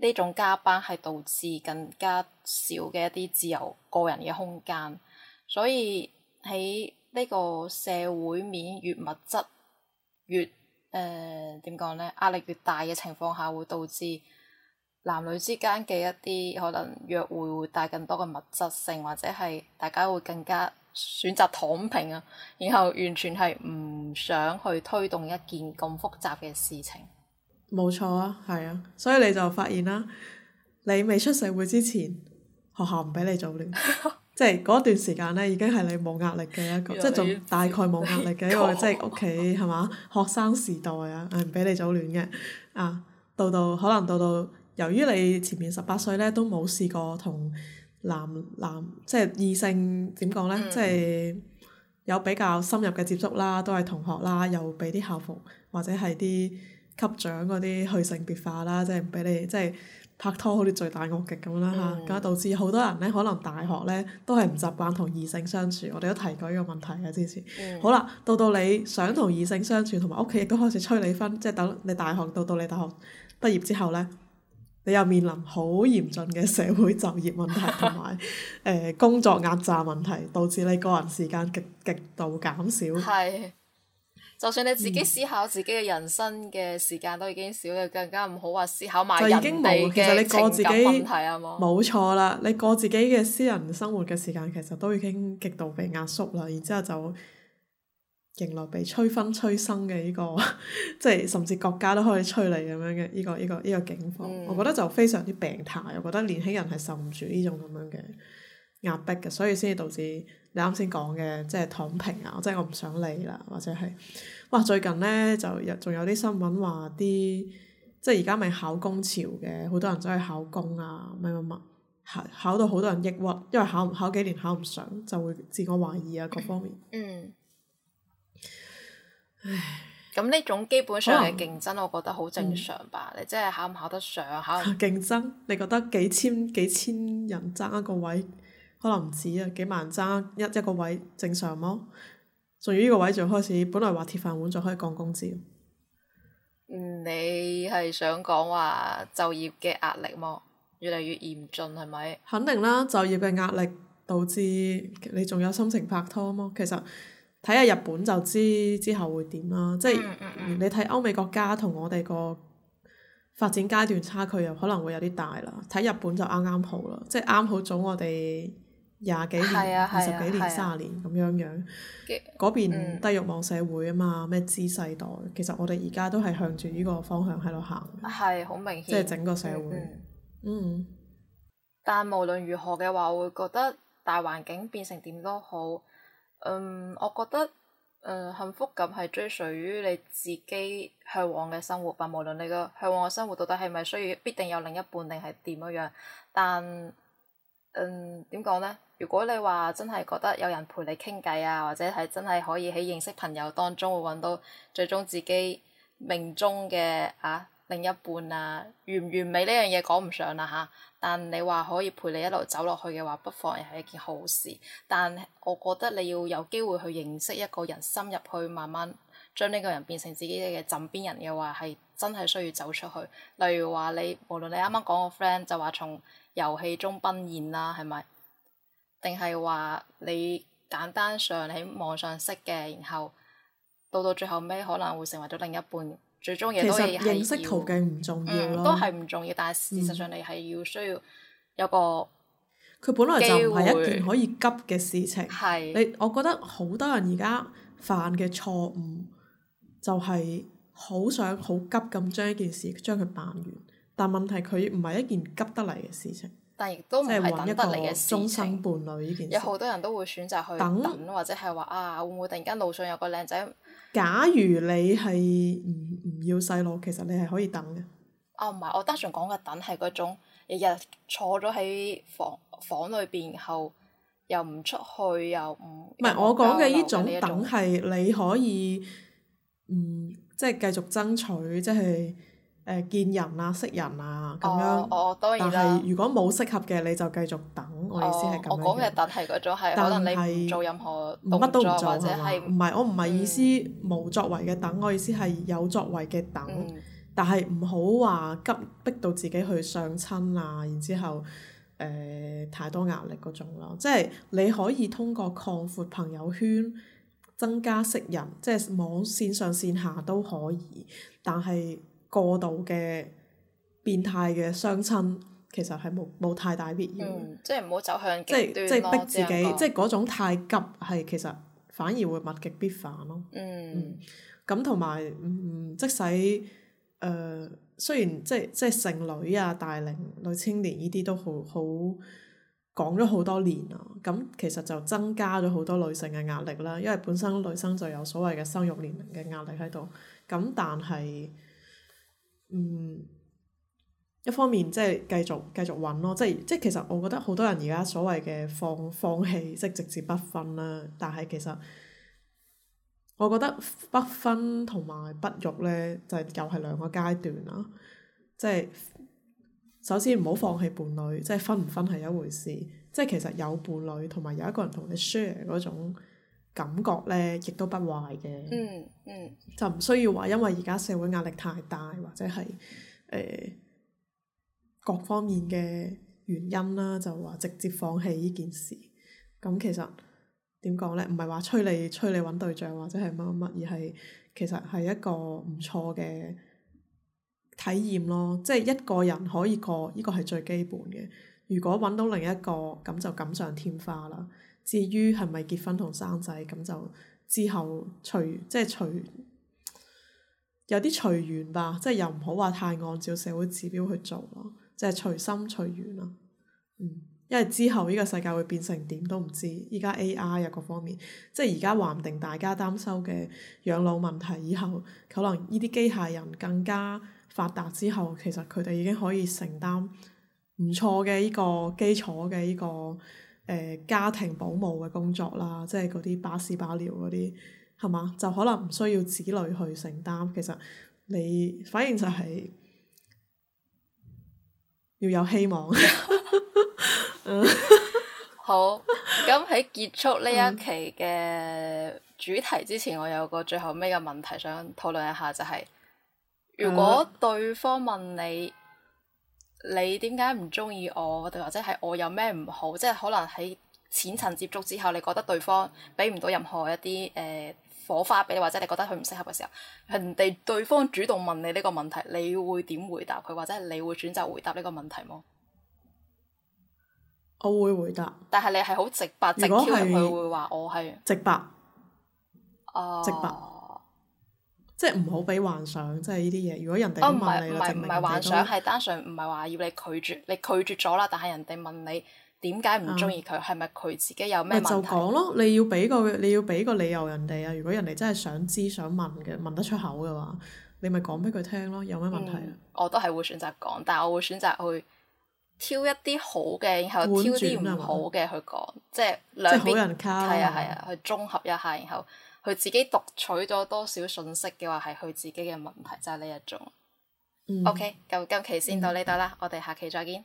呢種加班係導致更加少嘅一啲自由個人嘅空間，所以喺呢個社會面越物質越。誒點講呢？壓力越大嘅情況下，會導致男女之間嘅一啲可能約會會帶更多嘅物質性，或者係大家會更加選擇躺平啊，然後完全係唔想去推動一件咁複雜嘅事情。冇錯啊，係啊，所以你就發現啦，你未出社會之前，學校唔俾你早戀。 即係嗰段時間咧，已經係你冇壓力嘅一個，即係仲大概冇壓力嘅一個，一個即係屋企係嘛，學生時代啊，誒唔俾你早戀嘅啊，到到可能到到，由於你前面十八歲咧都冇試過同男男即係異性點講咧，即係、嗯、有比較深入嘅接觸啦，都係同學啦，又俾啲校服或者係啲級長嗰啲去性別化啦，即係唔俾你即係。拍拖好似最大惡極咁啦嚇，咁啊、嗯、導致好多人咧可能大學咧都係唔習慣同異性相處，我哋都提過呢個問題嘅之前。嗯、好啦，到到你想同異性相處，同埋屋企亦都開始催你婚，即係等你大學到到你大學畢業之後咧，你又面臨好嚴峻嘅社會就業問題同埋誒工作壓榨問題，導致你個人時間極極度減少。就算你自己思考自己嘅人生嘅時間都已經少咗，更加唔好話思考埋人哋嘅情感問題，就已經冇。其實你過自己，冇錯啦，你過自己嘅私人生活嘅時間其實都已經極度被壓縮啦，然之後就迎來被催婚催生嘅呢個， 即係甚至國家都可以催你咁樣嘅呢個呢個呢個景況。這個嗯、我覺得就非常之病態，我覺得年輕人係受唔住呢種咁樣嘅。壓迫嘅，所以先至導致你啱先講嘅，即係躺平啊，即係我唔想理啦，或者係哇最近呢，就仲有啲新聞話啲即係而家咪考公潮嘅，好多人走去考公啊，乜乜乜考到好多人抑鬱，因為考唔考幾年考唔上就會自我懷疑啊，各方面。嗯，嗯，嗯。唉。咁呢種基本上嘅競爭，我覺得好正常吧？嗯、你即係考唔考得上，考唔？競爭，你覺得幾千幾千人爭一個位？可能唔止啊，幾萬人爭一一個位正常麼？仲要呢個位仲開始，本來話鐵飯碗，仲可以降工資。你係想講話就業嘅壓力麼？越嚟越嚴峻係咪？肯定啦，就業嘅壓力導致你仲有心情拍拖麼？其實睇下日本就知之後會點啦，嗯嗯嗯，即係你睇歐美國家同我哋個發展階段差距又可能會有啲大啦。睇日本就啱啱好啦，即係啱好早我哋。廿幾年、二十幾年、三廿、啊、年咁樣樣，嗰、啊、邊低欲望社會啊嘛，咩資世代，其實我哋而家都係向住呢個方向喺度行。係，好明顯。即係整個社會。嗯，嗯。嗯嗯但無論如何嘅話，我會覺得大環境變成點都好。嗯，我覺得，誒、嗯，幸福感係追隨於你自己向往嘅生活吧。無論你個向往嘅生活到底係咪需要必定有另一半定係點樣樣，但。嗯，點講咧？如果你話真係覺得有人陪你傾偈啊，或者係真係可以喺認識朋友當中會搵到最終自己命中嘅啊另一半啊，完唔完美呢樣嘢講唔上啦吓，啊。但你話可以陪你一路走落去嘅話，不妨係一件好事。但我覺得你要有機會去認識一個人深入去，慢慢將呢個人變成自己嘅枕邊人嘅話，係真係需要走出去。例如話你，無論你啱啱講個 friend 就話從。遊戲中奔現啦，係咪？定係話你簡單上你喺網上識嘅，然後到到最後尾可能會成為咗另一半，最終其實認識途徑唔重要。嗯，都係唔重要，但係事實上你係要需要有個佢、嗯、本來就唔係一件可以急嘅事情。係的。你我覺得好多人而家犯嘅錯誤，就係、是、好想好急咁將一件事將佢辦完。但問題，佢唔係一件急得嚟嘅事情，但亦都唔係等得嚟嘅事情。終生伴侶呢件事，有好多人都會選擇去等，等或者係話啊，會唔會突然間路上有個靚仔？假如你係唔唔要細路，其實你係可以等嘅。哦、啊，唔係，我單純講嘅等係嗰種日日坐咗喺房房裏邊，然後又唔出去又唔。唔係，我講嘅呢種等係你可以，嗯，即係繼續爭取，即係。誒見人啊，識人啊，咁樣。哦哦、但係如果冇適合嘅，你就繼續等。我意思係咁樣嘅。講嘅、哦、等係是你做任何乜都唔做，唔係、嗯、我唔係意思冇作為嘅等，我意思係有作為嘅等。嗯、但係唔好話急，逼到自己去相親啊，然後之後誒、呃、太多壓力嗰種咯。即、就、係、是、你可以通過擴闊朋友圈，增加識人，即、就、係、是、網線上線下都可以，但係。過度嘅變態嘅相親，其實係冇冇太大必要、嗯。即係唔好走向極端咯。即係即係逼自己，說即係嗰種太急，係其實反而會物極必反咯。嗯，咁同埋嗯，即使誒、呃、雖然即係即係剩女啊、大齡女青年呢啲都好好講咗好多年啦。咁其實就增加咗好多女性嘅壓力啦，因為本身女生就有所謂嘅生育年齡嘅壓力喺度。咁但係。嗯，一方面即係繼續繼續揾咯、就是，即係即係其實我覺得好多人而家所謂嘅放放棄，即係直接不婚啦、啊。但係其實我覺得不婚同埋不育呢，就係、是、又係兩個階段啦、啊。即、就、係、是、首先唔好放棄伴侶，即、就、係、是、分唔分係一回事。即、就、係、是、其實有伴侶同埋有一個人同你 share 嗰種。感覺呢亦都不壞嘅。嗯嗯、就唔需要話，因為而家社會壓力太大，或者係誒、呃、各方面嘅原因啦，就話直接放棄呢件事。咁其實點講呢？唔係話催你催你揾對象或者係乜乜，而係其實係一個唔錯嘅體驗咯。即、就、係、是、一個人可以過，呢、這個係最基本嘅。如果揾到另一個，咁就錦上添花啦。至於係咪結婚同生仔，咁就之後，隨即係隨有啲隨緣吧，即係又唔好話太按照社會指標去做咯，即係隨心隨緣啦。嗯，因為之後呢個世界會變成點都唔知，依家 AI 有個方面，即係而家話唔定大家擔憂嘅養老問題，以後可能呢啲機械人更加發達之後，其實佢哋已經可以承擔唔錯嘅呢個基礎嘅呢個。誒、呃、家庭保姆嘅工作啦，即係嗰啲把屎把尿嗰啲，係嘛？就可能唔需要子女去承擔。其實你反而就係要有希望。嗯，好。咁喺結束呢一期嘅主題之前，嗯、我有個最後尾嘅問題想討論一下，就係、是、如果對方問你，嗯嗯你點解唔中意我，或者係我有咩唔好？即係可能喺淺層接觸之後，你覺得對方俾唔到任何一啲誒、呃、火花俾你，或者你覺得佢唔適合嘅時候，人哋對方主動問你呢個問題，你會點回答佢，或者係你會選擇回答呢個問題麼？我會回答。但係你係好直白，如果係會話我係直白。直白。即係唔好俾幻想，即係呢啲嘢。如果人哋唔係唔係幻想，係明都單純唔係話要你拒絕。你拒絕咗啦，但係人哋問你點解唔中意佢，係咪佢自己有咩問題？嗯、就講咯，你要俾個你要俾個理由人哋啊。如果人哋真係想知想問嘅，問得出口嘅話，你咪講俾佢聽咯。有咩問題、啊嗯？我都係會選擇講，但係我會選擇去挑一啲好嘅，然後挑啲唔好嘅去講，啊啊、即係兩邊。好人卡。係啊係啊，去綜合一下，然後。佢自己讀取咗多少信息嘅話，係佢自己嘅問題，就係、是、呢一種。嗯、OK，咁今期先到呢度啦，嗯、我哋下期再見。